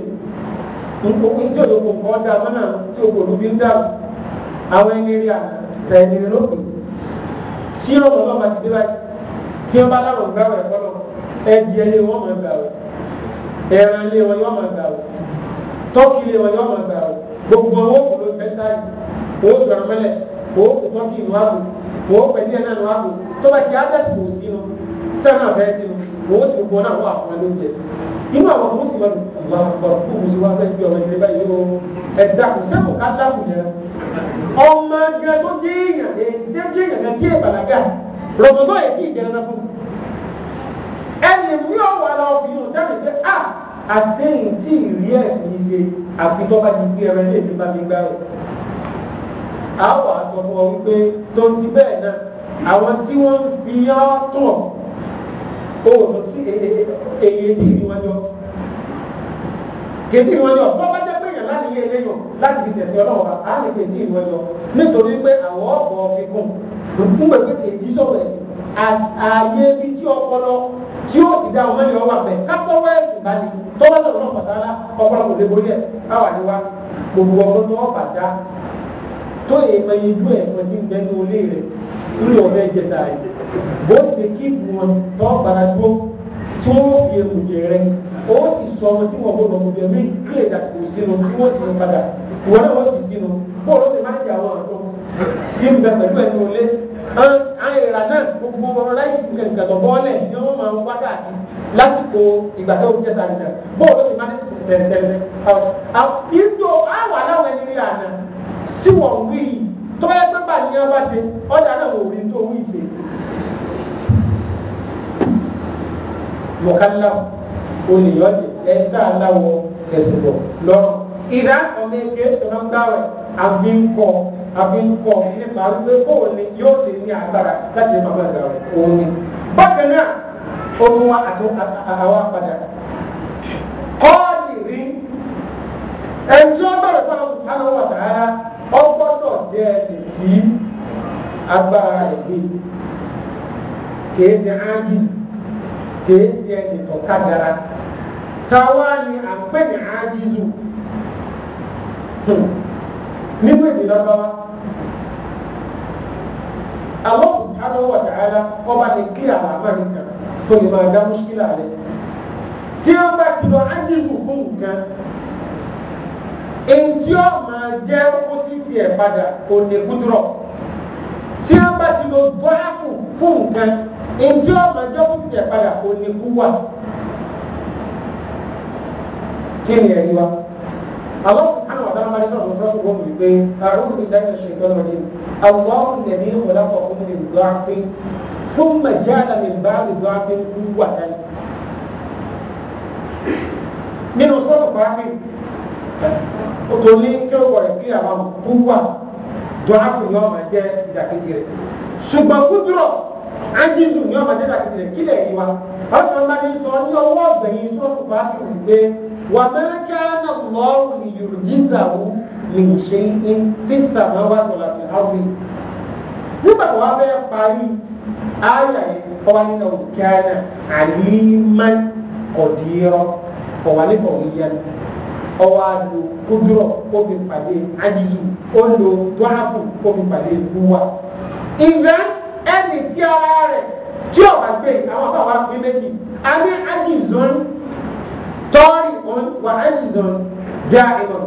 nkókó tí òyìnbó kan dá mọ́nà tí òkòlù fi ń dá àwọn ẹni rí àná tẹ̀lé lópin tí yóò mọ̀ bá ti dé báyìí tí wọ́n bá láwọn gbàwé fọlọ́ ẹ̀dì ẹ̀lé wọn mọ̀ gbàwé ẹ̀ràn ilé wọn yọ̀ mọ̀ gbàwé tọ́kì ilé wọn yọ̀ mọ̀ gbàwé gbogbo owó kò ló fẹ́ sáyé owó sọ̀rọ̀ mẹ́lẹ̀ owó kò tọ́kì ìlú àbò owó pẹ̀lú ẹ̀ náà ló àbò tó bá ti ábẹ́sì kò sínú tẹ́ náà fẹ́ sínú owó sì gbogbo náà wà fún ọmọ ẹgbẹ́ tó dé èèyàn èdè dé èèyàn kan tí è bàlágà lọ́dọ̀dọ̀ yẹ kí ìjẹun náà fún ẹnì mí ọ̀wọ́ ara obìnrin ò dábìí pé a àsẹ́yìn tí ìrí ẹ̀sìn ṣe àfi tó bá ti gbé ẹran ilé ìdí bá mi gbá rẹ̀ a wà sọ fún ọ wípé tó ti bẹ́ẹ̀ náà àwọn tí wọ́n ń fi ọ́ tọ̀ òòlù tí èyí ti ìrí wọn jọ kìí ti wọn jọ bọ́ bá dé láti lé léyò láti fi tẹ̀sí ọlọ́wọ́ wa á lè kejì ìlú ẹjọ́ nítorí pé àwọn ọ̀pọ̀ fi kún ń pè pé kejì sọ̀rọ̀ ẹ̀sìn ààyè ibi tí ọpọlọ tí ó sì dá ọmọ ìyọ̀wà bẹ̀ kápọ́wọ́ ẹ̀sìn bá ní tọ́wọ́ sọ̀rọ̀ náà pàtàkì ọpọlọ kò lè borí ẹ̀ káwà ní wa gbogbo ọgbọ́n tó ọ̀pá dá tó lè mọ ijú ẹ̀ pọ̀ tí ń bẹ́ ní olé rẹ̀ nínú ọ̀bẹ ìjẹsà rẹ̀ bó ṣe kí ìbùn wọn tọ́ tí wọ́n fi èkùjẹ rẹ̀ ó sì sọ ọmọ tí wọn kó lọ mọdé mí kí lè dàsìkò sínú tí wọn sì ń padà ìwọ náà ó sì sínú bó ló ti má ti àwọn àtọ tí ń bẹ pẹ̀lú ẹni olé àìrà náà gbogbo ọ̀rọ̀ láì sí kẹ̀kẹ́ tó bọ́ọ̀lẹ̀ ni wọ́n máa ń wá káàkiri lásìkò ìgbà tó ń jẹ́ sáré náà bó ló ti má ti sẹ̀sẹ̀rẹ̀ ìjọ àwọn aláwọ̀ ẹni rí àná tí wọ́n wí tọ́yẹ́ pẹ́pà ní ọba ṣe ọjà náà wò rí tó wí ṣe. mọ̀kálá olùyọ́dì ẹ̀dá aláwọ̀ ẹ̀sùnbọ̀ lọ́rùn. ìdá ọmọ eke ọlọ́gbàwẹ̀ àfihànkọ àfihànkọ nípa wípé bóun ni yóò ṣe ní agbára láti máa bá ìgbà rẹ̀ òun ni. bákan náà ogun wa àti àwọn àpàdà kọ́ọ̀dì rí ẹ̀jẹ̀ ọgbọ̀rọ̀ sọ̀rọ̀ sùpánù wà dáadáa ọgbọ́dọ̀ jẹ́ ẹni tí agbára rẹ̀ gbé kèé ṣe ángíìsì kèé ṣe ẹni tó kájára táwa ni à ń pè ní ájízù nínú èdè lọ́gbàwá àwọn subhanahu wa ta'ala ọba ní kí àlàmárì kan tó lè máa dá mùsùlùmí rẹ tí ó bá ti lọ ájízù fún nǹkan èyí ó máa jẹ́ ó sì tiẹ̀ padà òní kúndùrọ̀ tí a bá ti lo bọ́ọ̀kù fún nǹkan ǹjẹ́ ọmọ ẹjọ́ kò tiẹ̀ padà kò ní kú wà kí ni ẹ̀rí wa àwọn sùkánù ọ̀dọ́ máa ń sọ̀rọ̀ sọ́kù wọn wí pé àrùn mi dáná ṣe tọ́ lọ́dẹ àwọn ọ̀nẹ̀mí ìwọ̀lápọ̀ ọ̀hún mi lọ́ àfi fún mẹ̀jáàlá mi bá mi lọ́ àfi ń wà dání. nínú sọ́kù pàápì òtò ní kí ó wọ̀rẹ̀ kí àwọn kú wà dọ́ àfi ni ọmọ jẹ́ ìdàkejì rẹ̀ ṣùgbọ́n kúndùrọ̀ ájísù ni ọmọ jẹ́ ìdàkejì rẹ̀ kílẹ̀ yìí wa àwọn sọ̀rọ̀ máa ń wà máa ká náà lọ́ọ̀rù yòrùjísàwù lè السَّمَاوَاتِ ń fi sàmáwá sọ̀rọ̀ àti áwì nígbà tó wá fẹ́ parí ayà ọba nínú òkèáyà àlímán ọ̀dìrọ̀ ọ̀wálẹ́kọ̀ọ́ yíyan ọwọ́ àlò kúdúrọ̀ omi pàdé àdìyí olò dọ́hàpù omi pàdé ìlúwa. ìgbà ẹni tí ara rẹ̀ tí ọba gbé àwọn afọ àwọn méjì a ní àdìyí zọ́nù tọ́rì òun wà á ti dùn já ìmọ̀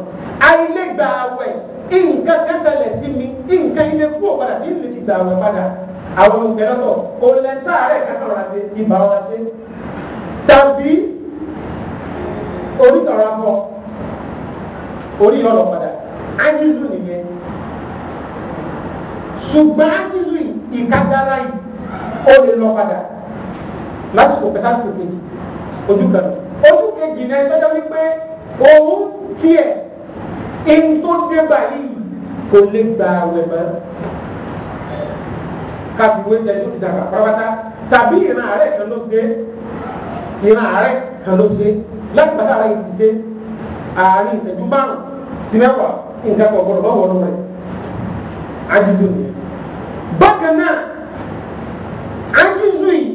àìlè gbà wẹ̀ nǹkan kẹsàlẹ̀ sí mi nǹkan ilé kú òpadà tí ìlú ti gbà wẹ̀ padà àwọn olùgbẹ́lọ́tọ̀ olùlẹ́ntà rẹ̀ kẹsàlọ́ra ṣe ìbá wa ṣe tàbí onítọ̀rọ̀ afọ orí ọ̀rọ̀ padà ájísù nìyẹn ṣùgbọ́n ájísù ìkágára yìí ó lè lọ padà lásìkò pẹ̀sásìkò kejì ojú kan nù ojú kejì náà tọ́jọ́ wípé òun tiẹ̀ ẹni tó dé báyìí kò lè gba àwẹ̀ mọ́ káfíwé tẹ̀sí ti dàgbà pátápátá tàbí ìran àárẹ̀ kan ló ṣe ìran àárẹ̀ kan ló ṣe láti bàtà ara yìí ti ṣe àárín ìṣẹ́jú márùn sí mẹ́wàá nǹkan kan gbọ́dọ̀ báwọn ọdún rẹ̀ ajizu nìyẹn bákan náà ajizu yìí.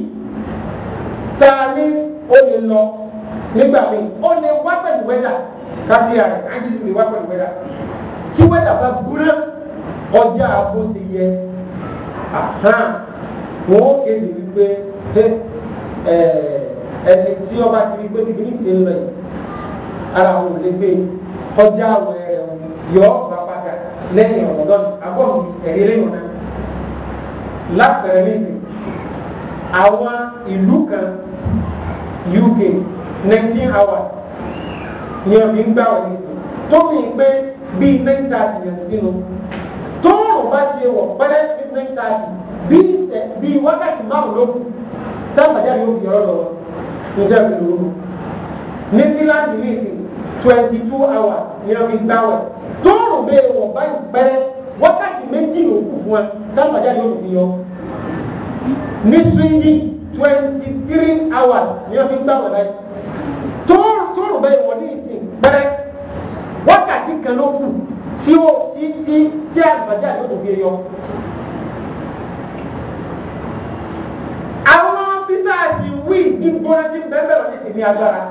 nígbà míì ó lè wá pẹ̀lú wẹ́dà káfíà rẹ̀ ájísù lè wá pẹ̀lú wẹ́dà tí wẹ́dà bá gbóná ọjà bó ṣe yẹ wọn ó kéde wípé ẹni tí ọba ti wípé kí ní ṣe ń lọ yìí ara òun lè gbé ọjà wẹ̀ yọ bàbàdà lẹ́yìn ọ̀dọ́n abọ́ọ̀mù ẹ̀rí lẹ́yìn náà lápẹ̀rẹ̀ nísìnyí àwọn ìlú kan UK nineteen hours ni ọ̀bí ń gbà wọlé tó fi ń pé bíi nine thirty yẹn sínú tó o bá ti wọ̀ pẹ́rẹ́ sí nine thirty bíi sẹ bíi wákàtí márùn ló kù tábàjá yóò fi ọ̀rọ̀ lọ́wọ́ níjẹ́ mi ló mọ̀ ní fílàndì ní ìsìn twenty two hours ni ọ̀bí ń gbà wọ̀ tó o bẹ́ẹ̀ wọ̀ báyìí pẹ́rẹ́ wákàtí méjì ló kù fún wa tábàjá yóò fi yọ ní swingi twenty three hours ni ọ̀bí ń gbà wọ̀ báyìí bẹ́ẹ̀ wọ ní ìsìn pẹ́rẹ́ wákàtí kan ló kù tí ó ti ti tí àgbàjá yóò fi yọ. àwọn bíbá ti wí ìgbóná ti bẹ́ẹ̀ bẹ́ẹ̀ ti ní agbára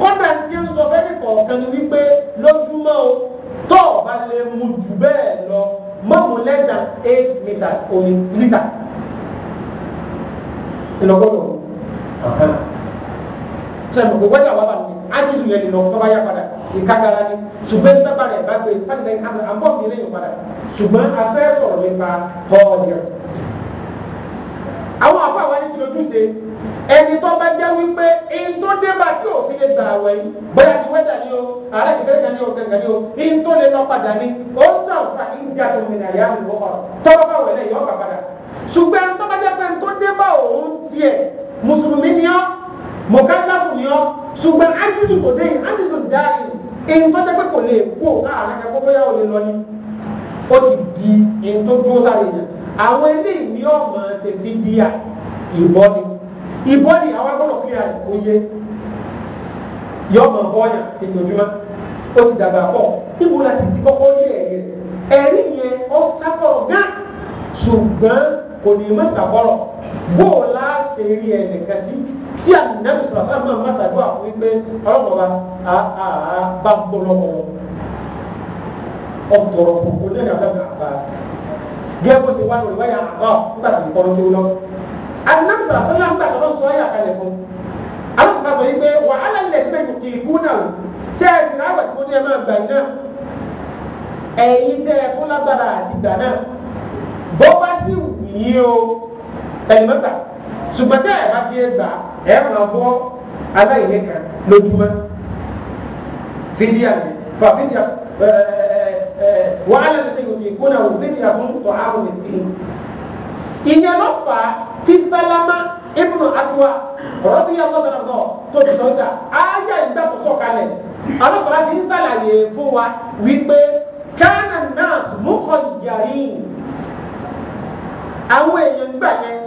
kọ́nà tí ń sọ fẹ́ẹ́ kọ̀ọ̀kan ni wípé lójúmọ́ o tó o bá lè mu jù bẹ́ẹ̀ lọ mọ́mú less eight meters only litres. ìlọ́gbọ́dọ̀ sẹ́mi kò wájà wà bá ájìlì yẹn nìlọ tọ́ba yá padà ìkágara ni ṣùgbọ́n sábà rẹ̀ bá gbé káàdì lẹ́yìn àmì àbọ̀ mi lẹ́yìn padà ṣùgbọ́n afẹ́ sọ̀rọ̀ nípa ọ̀ọ́dẹ̀. àwọn àpá àwọn ẹni kìlọ̀ ojúṣe ẹni tó bá jẹ́ wípé ẹni tó dé bá tí òfin lè gbà wẹ̀ yìí bóyá ti wẹ́dà ni o ààrẹ kìkẹ́ kan ni o kankan ni o ẹni tó lè lọ padà ni ó ń tàn fà ìjà tó mìíràn yà á lò wọ́pọ̀ bá wẹ̀lẹ̀ yọ̀ ọ́ bà padà ṣùgbọ́n tó bá jẹ́ pé ẹni tó òun tiẹ̀ mùsùlùmí ni ọ́ mọ̀káláfù ni ọ́ ṣùgbọ́n ájútù tó dé ájútù dáì èyí tó jẹ́ pé kò lè kó láàrin ẹ̀kọ́ bóyá ò lè lọ ni ó ti di èyí tó dúró sáré yẹn àwọn eléyìí ni ọ̀ mọ̀ ṣe fídíà ìbọ́ni ìbọ́ni àwọn agbọ́dọ̀ kí àyè kó yé yọ mọ̀ bọ́yà ìdòjúmọ́ ó ti dàgbà pọ̀ ibù la sì ti kọ́kọ́ yé ẹ̀yẹ ẹ̀rí yẹn ó sákọ̀ gán ṣùgbọ́n kò ní mọ̀ sàkọ̀rọ̀ bó o láṣẹ rí ẹnìkan tí ànábì sọ̀rọ̀ sọ̀rọ̀ náà máa tàdúrà fún wípé ọlọ́mọba bá ń bọ́ lọ́wọ́ ọ̀tọ̀rọ̀ kòkó ní ẹ̀dá bẹ́ẹ̀ àbá gẹ́gẹ́ bó ti wá lórí wáyà àbá nígbà tí nǹkan tó lọ. ànábì sọ̀rọ̀ sọ̀rọ̀ nígbà tó lọ sọ ayà kalẹ̀ fún alọ́sọ̀rọ̀ sọ wípé wàhálà ilẹ̀ mẹ́jọ kì í kú náà ṣé ẹ ti ráwẹ̀ tí mo ní ẹ máa gbà iná ẹ̀yin tẹ́ ẹ fún lágbára àti gbà náà bọ́ bá ṣùgbọ́n tẹ́ ẹ̀ bá fi ẹ gbà ẹ máa bọ́ aláìní kan lójúmọ́ fídíà ni fà fídíà wàhálà ti yòókì kó náà wò fídíà fún tọ́hárù mẹ́sìn. ìyẹn ló fà á tí sálámà ibùdó àtiwá ọ̀rọ̀ tí yà lọ́sọ̀rọ̀ náà tó ti sọ ìgbà ayé ìgbà tó sọ̀kalẹ̀ alọ́sọ̀rọ̀ ti ń sàlàyé fún wa wípé kánà náà mú kọ́ ìyàrí àwọn èèyàn gbà yẹn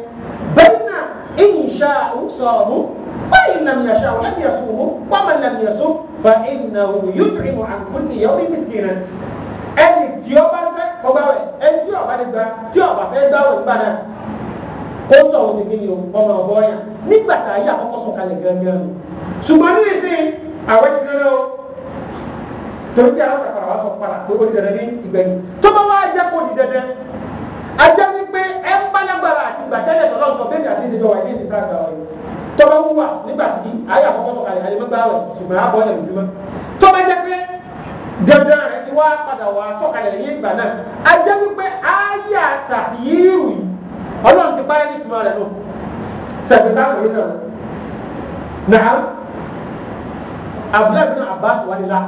إن شاءوا صاموا وإن لم يشاءوا لم يصوموا ومن لم يصوم فإنه يطعم عن كل يوم مسكينا ẹni tí ó bá fẹ́ kó bá wẹ̀ ẹni tí ó bá lè gba tí ó bá fẹ́ gbá wẹ̀ gbá náà kó sọ òsì kí ni ọmọ ọ̀bọ yẹn nígbà tá a yà kọ́kọ́ sọ kalẹ̀ gangan nù ṣùgbọ́n ní ìsìn àwẹ̀ ti lọ́lọ́ o torí bí aláǹtakàrà wa sọ padà pé ó di dandan ní ìgbẹ́ni tó bá wá jẹ́ kó di dandan ajá wípé ẹ ń bá lágbára àti gbàtẹ́lẹ̀ tọ́lọ́ sọ bẹ́ẹ̀ ni àti ìṣèjọ wà ní ìsìnká àgbà wọ̀nyí tọ́ba wúwà nígbà tí ayé àkọ́kọ́ sọ̀kalẹ̀ àlèmọ́gbà rẹ̀ ṣùgbọ́n àbọ̀ ẹ̀ lójúmọ́ tọ́ba jẹ́ pé dandan rẹ̀ ti wá padà wá sọ̀kalẹ̀ lẹ́yìn ìgbà náà ajá wípé ayé àtàkìyírù yìí ọlọ́run ti parẹ́ ní ìtumọ̀ rẹ̀ nù sẹ̀fẹ̀tà àkọ́yé náà nàá abúlé bin Abbas wà nílá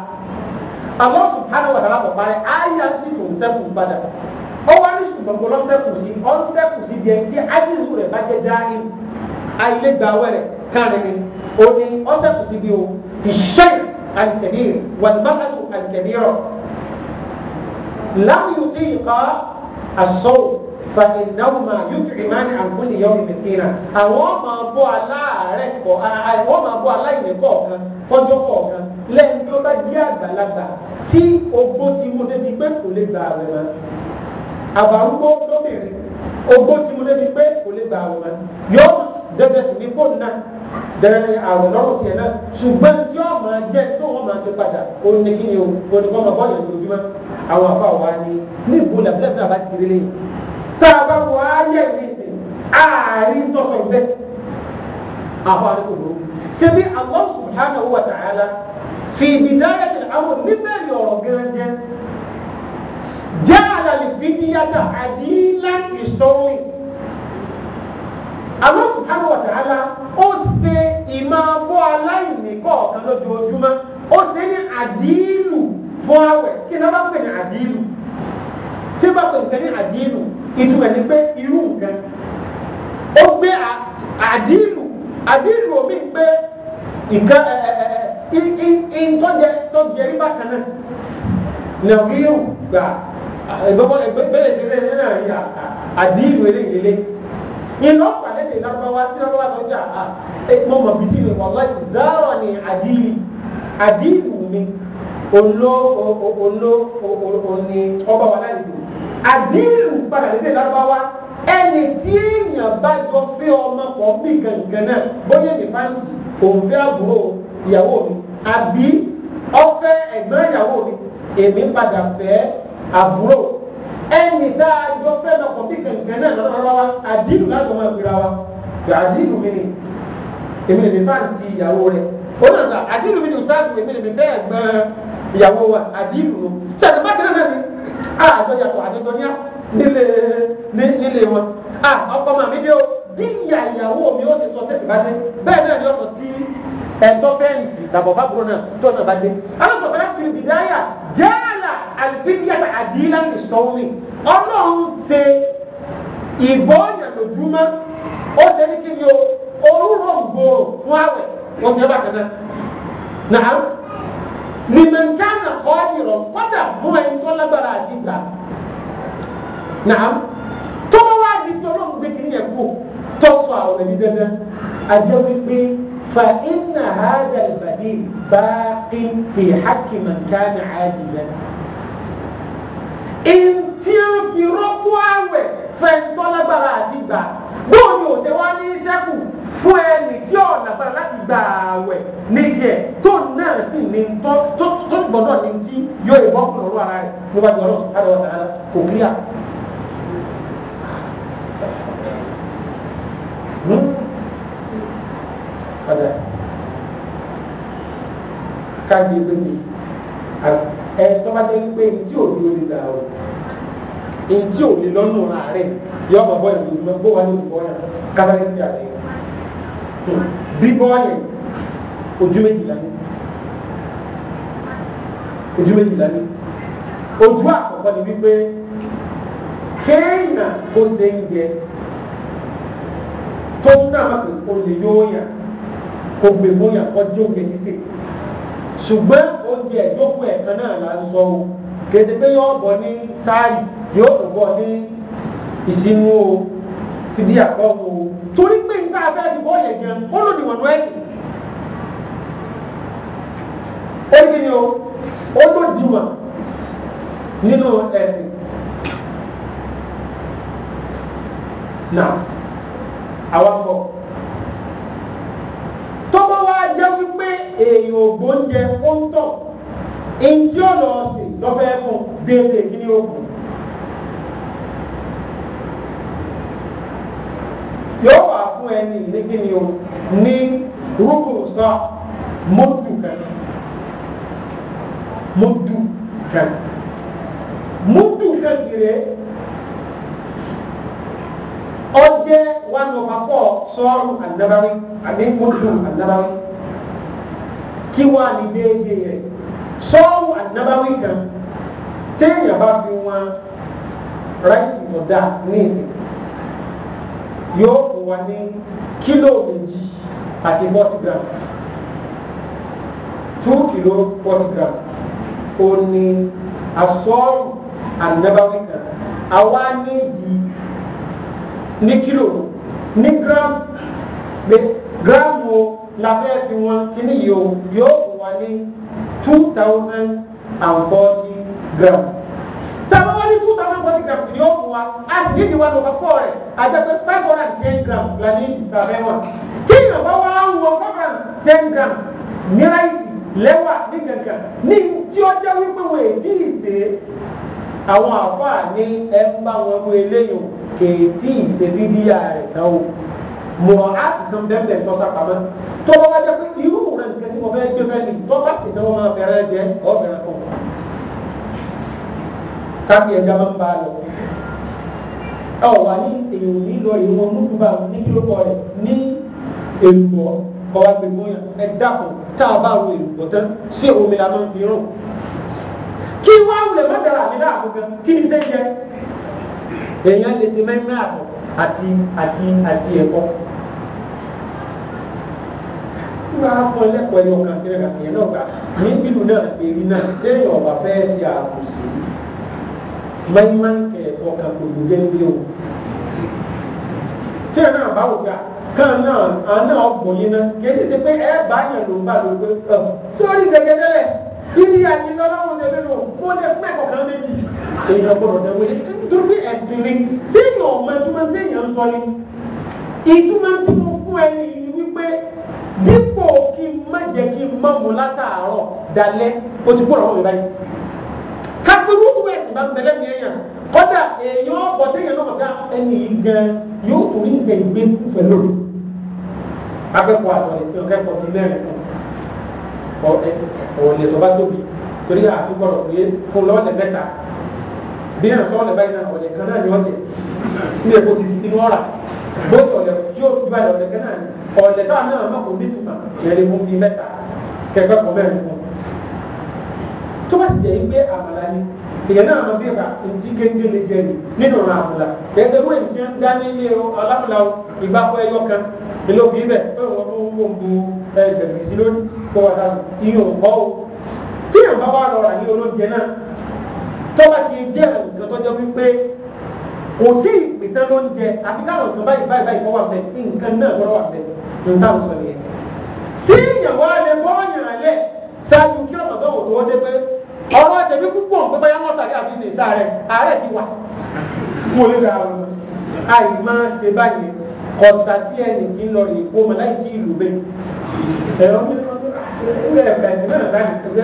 Allah ọwọ́ ní ṣùgbọ́n kò lọ́sẹ̀ kù sí ọ̀sẹ̀ kù sí bí ẹni tí ájísù rẹ̀ bá jẹ́ dáhì àìlẹ́gbàá wẹ̀rẹ̀ káàrin ni ó ní ọ̀sẹ̀ kù sí bí o ìṣe àìsẹ̀bí rẹ̀ wàlúbàkàtù àìsẹ̀bí rọ̀ láwùjọ tí ìkọ́ àsọ̀wò fàìnáwùmá yóò fi ìmáàní àǹkúlì yọ̀ọ́ mìsìnà àwọn máa bọ́ aláàárẹ̀ kọ̀ àwọn máa bọ́ aláìní kọ̀ọ̀kan fọ́jọ́ kọ̀ọ̀kan lẹ́yìn tó bá jẹ́ àgbàlagbà tí ogbó ti mú débi pé kò lè gbà rẹ̀ mọ́ àbárúgbó lóbìnrin ogbó tí mo débi pé kò lè gba àwòrán yóò dẹdẹ sí ní fóònù náà dẹrẹ àrùn lọ́rùn tiẹ̀ náà ṣùgbọ́n tí ó máa jẹ́ tó wọ́n máa ṣe padà ó ní kí ni o ó ní kọ́ máa bọ́ọ̀lù lójúmọ́ àwọn àbá wa ni ní ìbò làbílẹ̀ fún àbá ti rí lẹ́yìn tá a bá wọ ayé mi sìn ààrin tọ́sọ̀ bẹ́ẹ̀ àwọn àdúgbò ló ṣe bí Allah subhanahu wa ta'ala fi jáàlà lè fi díyàtà àdínlá ìsọ̀rọ̀ àwọn subhanahu wa ta'ala ó ṣe ìmọ̀-abọ́ aláìní kọ̀ọ̀kan lójoojúmọ́ ó ṣe ní àdínlù fún àwẹ̀ kí ni wọ́n bá pè ní àdínlù tí bá pè nǹkan ní àdínlù ìtumọ̀ ni pé irú nǹkan ó gbé àdínlù àdínlù omi pé nǹkan ìtọ́jẹ tó jẹrí bákan náà nàìjíríà gbà ẹgbẹ́bọ́ ẹgbẹ́ bẹ́ẹ̀ ṣe lé nínú àrí àdí ìwé lè gbélé iná pàdédé lágbáwá tí wọ́n wá sọ́jà à mọ̀ mọ̀ bísí ni wọ́n láti záwọ̀ ni àdí àdí ìwù mi òǹlò òǹlò òní ọba wa láti dùn àdí ìwù pàdédé lágbáwá ẹni tí èèyàn bá jọ fẹ́ ọmọ pọ̀ bí gàngàn náà bóyá ní pàǹtì òun fẹ́ àbúrò ìyàwó mi àbí ọfẹ́ ẹ̀gbọ́n ìyàwó mi èmi padà fẹ́ àbúrò ẹnì tá a jọ fẹ́ lọ kọ̀ bí kankan náà lọ́dọ̀ wa àdínù láti ọmọ ìgbéra wa gbà àdínù mi ni èmi lè mi fà ń ti ìyàwó rẹ̀ ó náà sà àdínù mi ni ustaz èmi lè mi fẹ́ gbọ́n ìyàwó wa àdínù ló sẹ́ni bá kẹ́lẹ́ náà ni àjọ yàtọ̀ àjọjọ ní nílé nílé wọn ọkọ màmí dé o bí ìyá ìyàwó mi ó ti sọ tẹ́lẹ̀ bá dé bẹ́ẹ̀ náà ni ọ̀sọ̀ tí ẹ̀tọ́ fẹ́ǹtì tàbọ̀ bá burú náà tó náà bá dé alásọ̀fẹ́ kiri bìdáyà jẹ́ alifidiyata adila nìṣọ́wọ́mì ọlọ́run ṣe ìbọ́yàn lójúmọ́ ó ṣe ní kí ni o orúurọ̀ gbòòrò fún àwẹ̀ wọ́n ṣe é bá kẹ́tẹ́ náà nìmẹ̀ńkánà kọ́ọ̀dìrọ̀ kọ́dà fún ẹni tó lágbára àti ìgbà náà tó bá wà ní pé ọlọ́run gbé kiri yẹn kú tó sọ àwọn ẹni dandan àjẹ́ wípé فإن هذا البديل باق في حق من كان عاجزا ìdí fi rọ́pò àwẹ̀ fẹ̀ntọ́ lágbára àti gbà bóun ni òde wá ní sẹ́kù fún ẹnì tí ọ̀nà gbára láti gbà àwẹ̀ ní tiẹ̀ tó náà sì ní tó tó gbọ́dọ̀ ní tí yóò ìbọn kùn lọ́rọ̀ ara rẹ̀ níwájú ọlọ́run káàdọ̀ ọ̀sán kò kíyà. Kada, kan di benci, ẹ tọ́ba jẹ́ pé ntí ò ní olè dà o ntí ò ní lọ́nù àárẹ̀ yọ ọmọ bọ́ ìlú mọ bó wà ní ìbọn yẹn kásáyé ti àdé bíbọ́ yẹn ojú méjìlá ní ojú méjìlá ní ojú àkọ́kọ́ ni wípé kéèyàn tó ṣe ń jẹ tó ń dà máa pè olè yóò yàn kò gbè fún yàn kọjú òkè sísè ṣùgbọ́n gbogbo ẹ̀ jókòó ẹ̀ kan náà là ń sọ o kété pé yóò bọ̀ ní sáàyì yóò tó bọ̀ ní ìsinú o fìdí àkọ́ o torí pé nígbà abẹ́ ti bọ́ yẹn gan ó lòdì wọ̀nú ẹ̀sìn ó kí ni o ó lòdì wọ̀n nínú ẹ̀sìn náà àwọn akọ̀ tọ́gbọ́n wa jẹ́ wípé èèyàn ògbóúnjẹ ó ń tọ̀ ntí ọ̀nà ọ̀sìn lọ́fẹ́ fún gbèsè kí ni ó kù. yóò wà fún ẹni ní kí ni o ní rúkú sọ mọ́tù kan mọ́tù kan mọ́tù kan sì rè ọ jẹ́ one over four sọ́ọ̀rù àdábáwí àbí mọ́tù àdábáwí kí wàá ní déédéé rẹ̀ sọ́ọ̀wù ànábáwí kan téèyàn bá fi wọn ráìsì lọ́dà ní ìsìn yóò fún wa ní kílò méjì àti forty grams two kilo forty grams ó ní asọ́ọ̀rù ànábáwí kan àwa ní ìdí ní kílò ní gram gbé gíráàmù la fẹ́ fi wọn kíní yìí o yóò fún wa ní two thousand forty grams tàbá wọ́n ní two thousand forty grams ni ó fún wa a sì ní one over four rẹ̀ àjẹpẹ́ five hundred ten grams la ní ìtàbẹ́ wọn tí ìyàwó wa ń wọ five hundred and ten grams ní ráìsì lẹ́wà ní kankan ní tí ó jẹ́ wípé wọ́n èdè ìṣe àwọn àfáà ní ẹ ń bá wọn mú eléyìí kéétí ìṣe dídíyà rẹ̀ náà o mọ̀ á kàn bẹ́ẹ̀ bẹ́ẹ̀ tọ́sà pamọ́ tó bá wá jẹ́ pé irú tí mo fẹ́ gbé fẹ́ ni tó bá ti náwó máa fẹ́rẹ́ jẹ ọ̀bẹ̀rẹ̀ fún un káfí ẹja máa ń bá a lọ ẹ wà ní èyí ò ní lọ èyí wọn mú tuba ní kílókọ rẹ ní èlùbọ ọwọ́ agbègbè yẹn ẹ dàpọ̀ tá a bá ro èlùbọ tán ṣé omi la máa ń fi rún kí wàá wulẹ̀ má dara àmì láàbò gan kí ni sẹ́yìn jẹ èèyàn lè ṣe mẹ́rin náà àti àti àti ẹ̀kọ́ wúra fún ẹlẹ́kọ̀ọ́ ẹni ọ̀kan kí ẹ̀ka kìí náà gbà ní bílù náà ṣe rí náà téèyàn ọ̀bà fẹ́ ṣe àkùsí mẹ́mẹ́ǹkẹ̀ ẹ̀kọ́ kan kò ló yẹ nílé o téèyàn náà bá wò gbà kan náà àná ọ̀gbọ̀n yín náà kì í ṣe ṣe pé ẹ bá yàn ló ń bá ló gbé ọ sórí gẹ́gẹ́dẹ́lẹ̀ kí ni àyìn ọlọ́run lè lò mo lè pẹ́ kọ̀ọ̀kan méjì èèyàn gbọ́dọ̀ dẹ̀ wọlé nítorí ẹ̀sìn ni séèyàn ọ̀mọ ìtumọ̀ séèyàn ń sọ ni ìtumọ̀ tí mo fún ẹni yìí dípò kí n má jẹ́ kí n má mú látàárọ̀ dalẹ́ o ti kúrò lọ́wọ́ mi báyìí kápẹ́rú wẹ̀ ìbá ń bẹ̀lẹ́ mi èèyàn kọ́dà èèyàn ọ̀pọ̀ téèyàn náà ká ẹni yìí gan yóò tó ní ìgbẹ́ ìgbé fúfẹ́ lórí akẹ́kọ̀ọ́ àtọ̀lẹ̀ fi ọ̀kẹ́kọ̀ọ́ fi mẹ́rin kan ọ̀ọ̀lẹ̀ tó bá tóbi torí àfikọ̀rọ̀ pé fún lọ́ọ̀lẹ̀ mẹ́ta bí náà sọ́ọ̀lẹ̀ báyìí náà ọ̀lẹ̀ kan náà ni ọ̀tẹ̀ ní èkó ti fi inú ọ̀rà bó sọ̀lẹ̀ tí ó fi báyìí ọ̀lẹ̀ kan náà ni ọ̀dẹ̀ tá a ní ọ̀rọ̀ mọ́kò nítumọ̀ lẹ́lẹ́ mú bíi mẹ́ta kẹ̀kẹ́ kọ̀ mẹ́rin fún tó bá sì jẹ́ ìgbé àmàlà ni ìyẹn náà lọ bí ìka ntí kéńdé lè jẹ ni nínú ọ̀rọ̀ àmàlà kẹ̀kẹ́ wọ́n ti ń dá nílé ọlámùlà ìgbàfọ́ ẹyọ kan ilé òbí bẹ̀ pé wọ́n mú wọn bu ẹgbẹ̀rún sí lónìí kó wọ́n o tí ìyẹn bá wà lọ́ra yìí olóúnjẹ náà tó bá ti kò tí ì pèsè ló ń jẹ àti káwọn kan báyìí báyìí báyìí kọ́ wà bẹ́ẹ̀ kí nǹkan náà kọ́ wà bẹ́ẹ̀ ló ń táwọn sọ nìyẹn. sí ìyàwó alẹ́ bọ́ọ̀yàn alẹ́ ṣáájú kí ọ̀sán tó wò lówó dé pé ọ̀rọ̀ tẹ̀mí púpọ̀ pé báyà mọ́ sàrí àbí nìṣá rẹ̀ ààrẹ ti wà. mo lè ra àwọn àì máa ṣe báyìí kọ̀ọ̀tà sí ẹnì kí ń lọ rè é kó mọ̀ ẹ̀ka ẹ̀sìn náà láti tẹ̀lé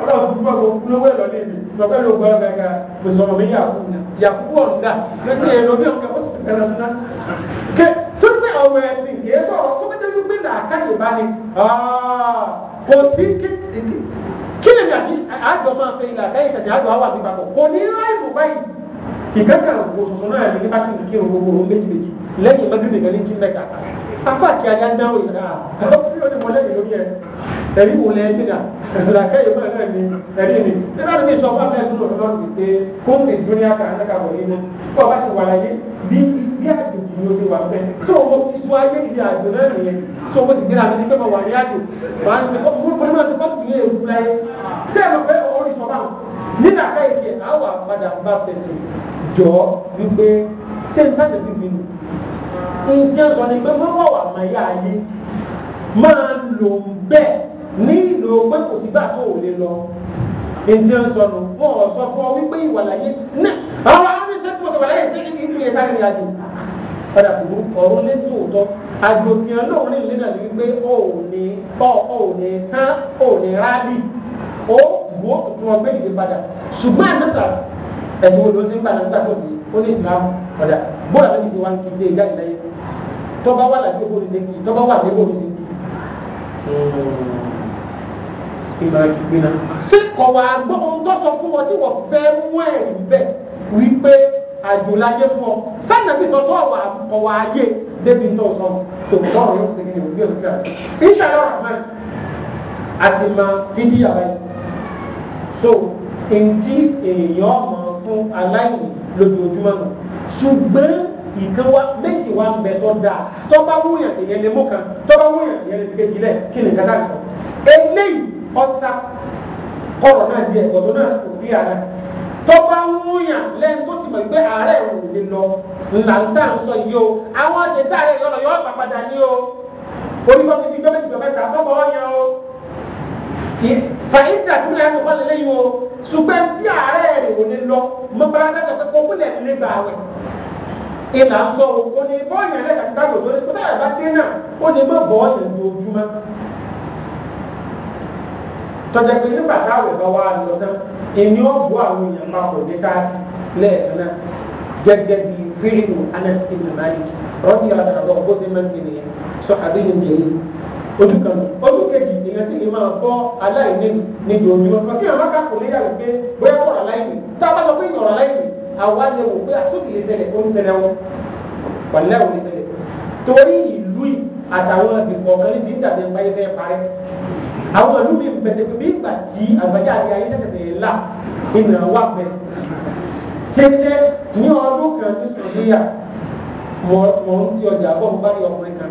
ọlọ́run fún bọ́ọ̀lù olówó ẹ̀lọ́ lé mi lọ́pẹ́ ló gbọ́ ẹ̀ka gbèsòrò mi yàkú yàkú ọ̀dà lẹ́sìn ẹ̀lọ́ bí ọ̀gá ó ti tẹ̀lé ọ̀dà ké tó pé ọmọ ẹ̀sìn kì í sọ̀rọ̀ tó pété ló gbé làákàyè bá ní ah, kò sí kí lèmi àti àjọ máa fẹ́ làákàyè tẹ̀sí àjọ àwọn àti ìbàkọ̀ kò ní láì mú báyìí ìkẹ́kẹ́ òṣòṣò náà ní bá ti kí òwò òwò méjì méjì lẹ́yìn mẹ́gbẹ̀ẹ́ nìkan ní kí mẹ́ta afáàkì ajá ń dáwọ̀ ìlà àwọn fúlọ́ọ̀dì mọ́lẹ́yìn lórí ẹ̀ ẹ̀rí wò lẹ́yìn tí náà ẹ̀dùnàkẹ́ yìí fúnra náà ni ẹ̀rí ni nígbà tó ní sọ fún abẹ́rẹ́ tó lọ́dún lọ́dún pé kó ní dúnìá kan ní kábọ̀ yìí ni kó ọba ti wà láyé bí bí àjòjì ni ó ti wà fẹ́ tó o ti tó ayé di àjò náà nìyẹn tó o ti gbéra mi pé mo wà ní àjò màá ń sè kókó mo ní ma ti kó tù ní èwú láyé ṣé ẹ mọ̀ pé o ní sọ́kà nínú àká ìṣe àwọn àpadà bá fẹsẹ̀ jọ wípé ṣé n tájà bíbí ni ìjẹun sọ ni pé mọ́wọ́ wà máa yá ayé máa lò bẹ́ẹ̀ ní ìlò pé kò sígbà tó ò lè lọ èdè ọ̀sọ̀nù wọn ò sọ fún ọ wípé ìwà láyé náà àwọn aráàlú tó sọ wà láyé sí ìlú yẹn sáré ìrìnàjò padà kùdú ọ̀rọ̀ lé tòótọ́ àgbòtìyàn náà ní ìlú náà wípé ó ò ní ọ ò ní tán ó ò ní rálì ó wò ó tún ọgbẹ́ ìdè padà ṣùgbọ́n àdúrà ẹ̀sìn wo ló ti ń gbà nígbà tó di ó ní ìsìlámù padà bóyá ló ti ṣe wá ní kíkẹ́ ìjáde láyé tọ́ba wà láti ó bó ti ṣe kì tọ́ba wà ní ó bó ti ṣe kì ìmọ̀ gbiná. ṣé kọ̀wá gbọ́ ohun tó sọ fún wọn tí wọ́n fẹ́ mú ẹ̀rí bẹ́ẹ̀ wípé àjòláyé fún ọ sànàbí tó sọ wà kọ̀wá ayé débi tó sọ tòmùtọ́ ọ̀rọ̀ yóò segin ní òbí òbí rẹ̀. inṣàlá rahman àti ma fídíì àbá yìí so ntí èèyàn mọ̀ fún aláìní lójoojúmọ́ nù ṣùgbọ́n ìkan wa méjì wa ń bẹ tó dáa tó bá wúyàn èèyàn lè mú kan tó bá wúyàn èèyàn lè fi kejì lẹ̀ kí nìkan náà sọ eléyìí ọ̀sà ọ̀rọ̀ náà di ẹ̀gbọ́dọ̀ náà kò rí ara tọ́ba ń wúyàn lẹ́nu tó ti mọ̀ pé ààrẹ òun lè lọ ńlá ń tà ń sọ yìí o àwọn àtẹ̀tẹ̀ ààrẹ yọ̀nà yọ̀ ọ̀pá padà ní o onímọ̀ fi fi gbẹ́mẹ́tì gbẹ́mẹ́ta tọ́ba ọ̀yàn o fàyíǹtì àti mílíọ̀nù ẹ̀kọ́ lè léyìn o ṣùgbọ́n tí ààrẹ rẹ̀ ò ní lọ mo bá a dájọ́ pé kó kúlẹ̀ nílé gbà wẹ̀ ìlà ń sọ o ní bọ́ọ̀yàn rẹ̀ àti táwọn òjò tọ́jà pé nígbà táwọn ìbá wa lọ tán èmi ó bu àwọn èèyàn papọ̀ ní káàsì lẹ́ẹ̀kan náà gẹ́gẹ́ bí fíìmù Anas ibn Malik rọ́bì alábàbọ̀ bó ṣe máa ń ṣe nìyẹn sọ àbíyẹn jẹ̀yìn ojú kan ojú kejì èèyàn sì lè máa bọ́ aláìní níbi ojú ọ̀pọ̀ kí àwọn akáko lè yàgò pé bóyá wọ́n aláìní tá a bá sọ pé ìyàn aláìní àwa lè wò pé àtúntì lè ṣẹlẹ̀ ó ń ṣẹlẹ̀ wọn wàlẹ́ òní ṣẹlẹ̀ torí ìlú àtàwọn ibì kọ̀ọ̀kan ní ti ń dàbí ẹgbẹ́ àwọn ìlú mi bẹ̀tẹ̀ pé bí ìgbà tí àgbàjá àti ayé tẹ̀tẹ̀ là ìnà wà bẹ̀. tètè ní ọdún kan ní sòdíyà mọ̀ ń ti ọjà bọ̀ mo bá rí ọkùnrin kan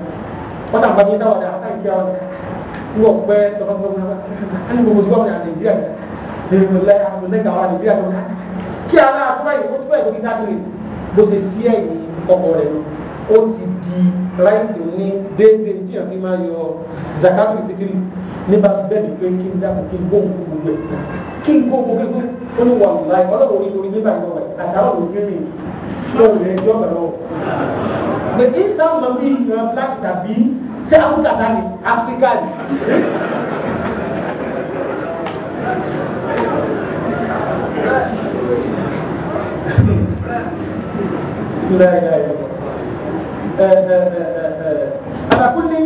wọ́n tàn gbàgbé sáwọ́dà àtàkì àwọn ń wọ̀ pẹ́ lọ́kọ́gbọ́n náà á ní gbogbo ìgbà wọn à nàìjíríà ní ìmọ̀lẹ́ àwọn ọ̀dẹ́gà wa nàìjíríà tó ká kí ara àtúrà yìí ó túbọ̀ ìdókítà tó yìí bó ṣe sí ẹ̀yìn ọkọ̀ rẹ̀ lọ ó ti di ráìsì ní déédéé tí àfi máa yọ zakatu fitiri nígbà bẹ́ẹ̀ pé kí n dákun kí n bó òkú gbogbo ẹ̀ kí n kó gbogbo ẹ̀ ó ní wà láì ọlọ́run orí orí nígbà yọ ẹ̀ àtàwọn òbí rìn lóhùn rẹ̀ ẹjọ́ bẹ̀rẹ̀ ọ̀. Gbèdé sáwọn mi yàn black tàbí ṣé Áfíríkà ni Áfíríkà ni. Ala kulli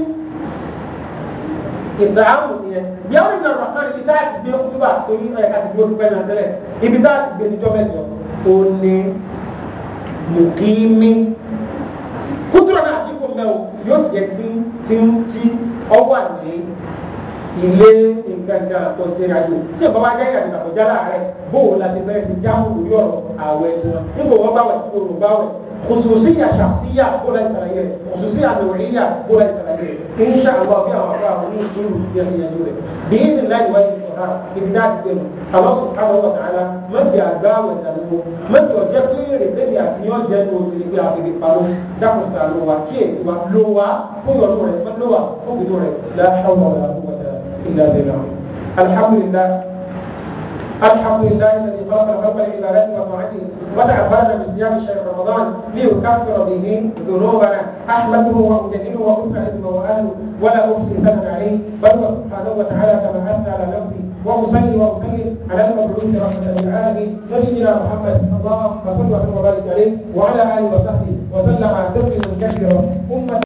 ìdáhùn yẹn yàrá ìgbà rahman ibi tá a ti gbé kútúbà torí ẹ̀ àti gbé kútúbà náà tẹ́lẹ̀ ibi tá a ti gbé níjọ́ mẹ́jọ ó ní mùkímí kútúbà náà àti kò mẹ́wò yóò jẹ́ tí tí tí ọwọ́ àlè ilé nǹkankan tó ṣe àjò tí ìbáwá jẹ́ ìrìn àjò àkọjá láàárẹ̀ bóòlù àti bẹ́ẹ̀ ti jáwó lórí ọ̀rọ̀ àwẹ̀ tiwọn nígbà wọn bá wẹ̀ kúrò bá wẹ̀ خصوصية شخصية كل التغيير خصوصية نوعية كل التغيير إن شاء الله فيها وفاة ومين سنو يسي يجوله بإذن الله يوجد القرآن إبداد دين الله سبحانه وتعالى من دي أجاو الدنو من دي وجه كل رسالي أسنيو جنو سلقي عقيد القرآن دعو سألوا كي سوى لوا كي يدوره من لوا كي يدوره لا حول ولا قوة إلا بالله الحمد لله الحمد لله الذي خلق الخلق الإلهات وقعده هذا بصيام شهر رمضان ليكفر به ذنوبنا احمده واجلله وافعل واهله ولا احصي ثمن عليه بل هو سبحانه وتعالى كما اثنى على نفسي واصلي واصلي على المبعوث رحمه للعالمين نبينا محمد صلى الله عليه وسلم وبارك عليه وعلى اله وصحبه وسلم تسليما كثيرا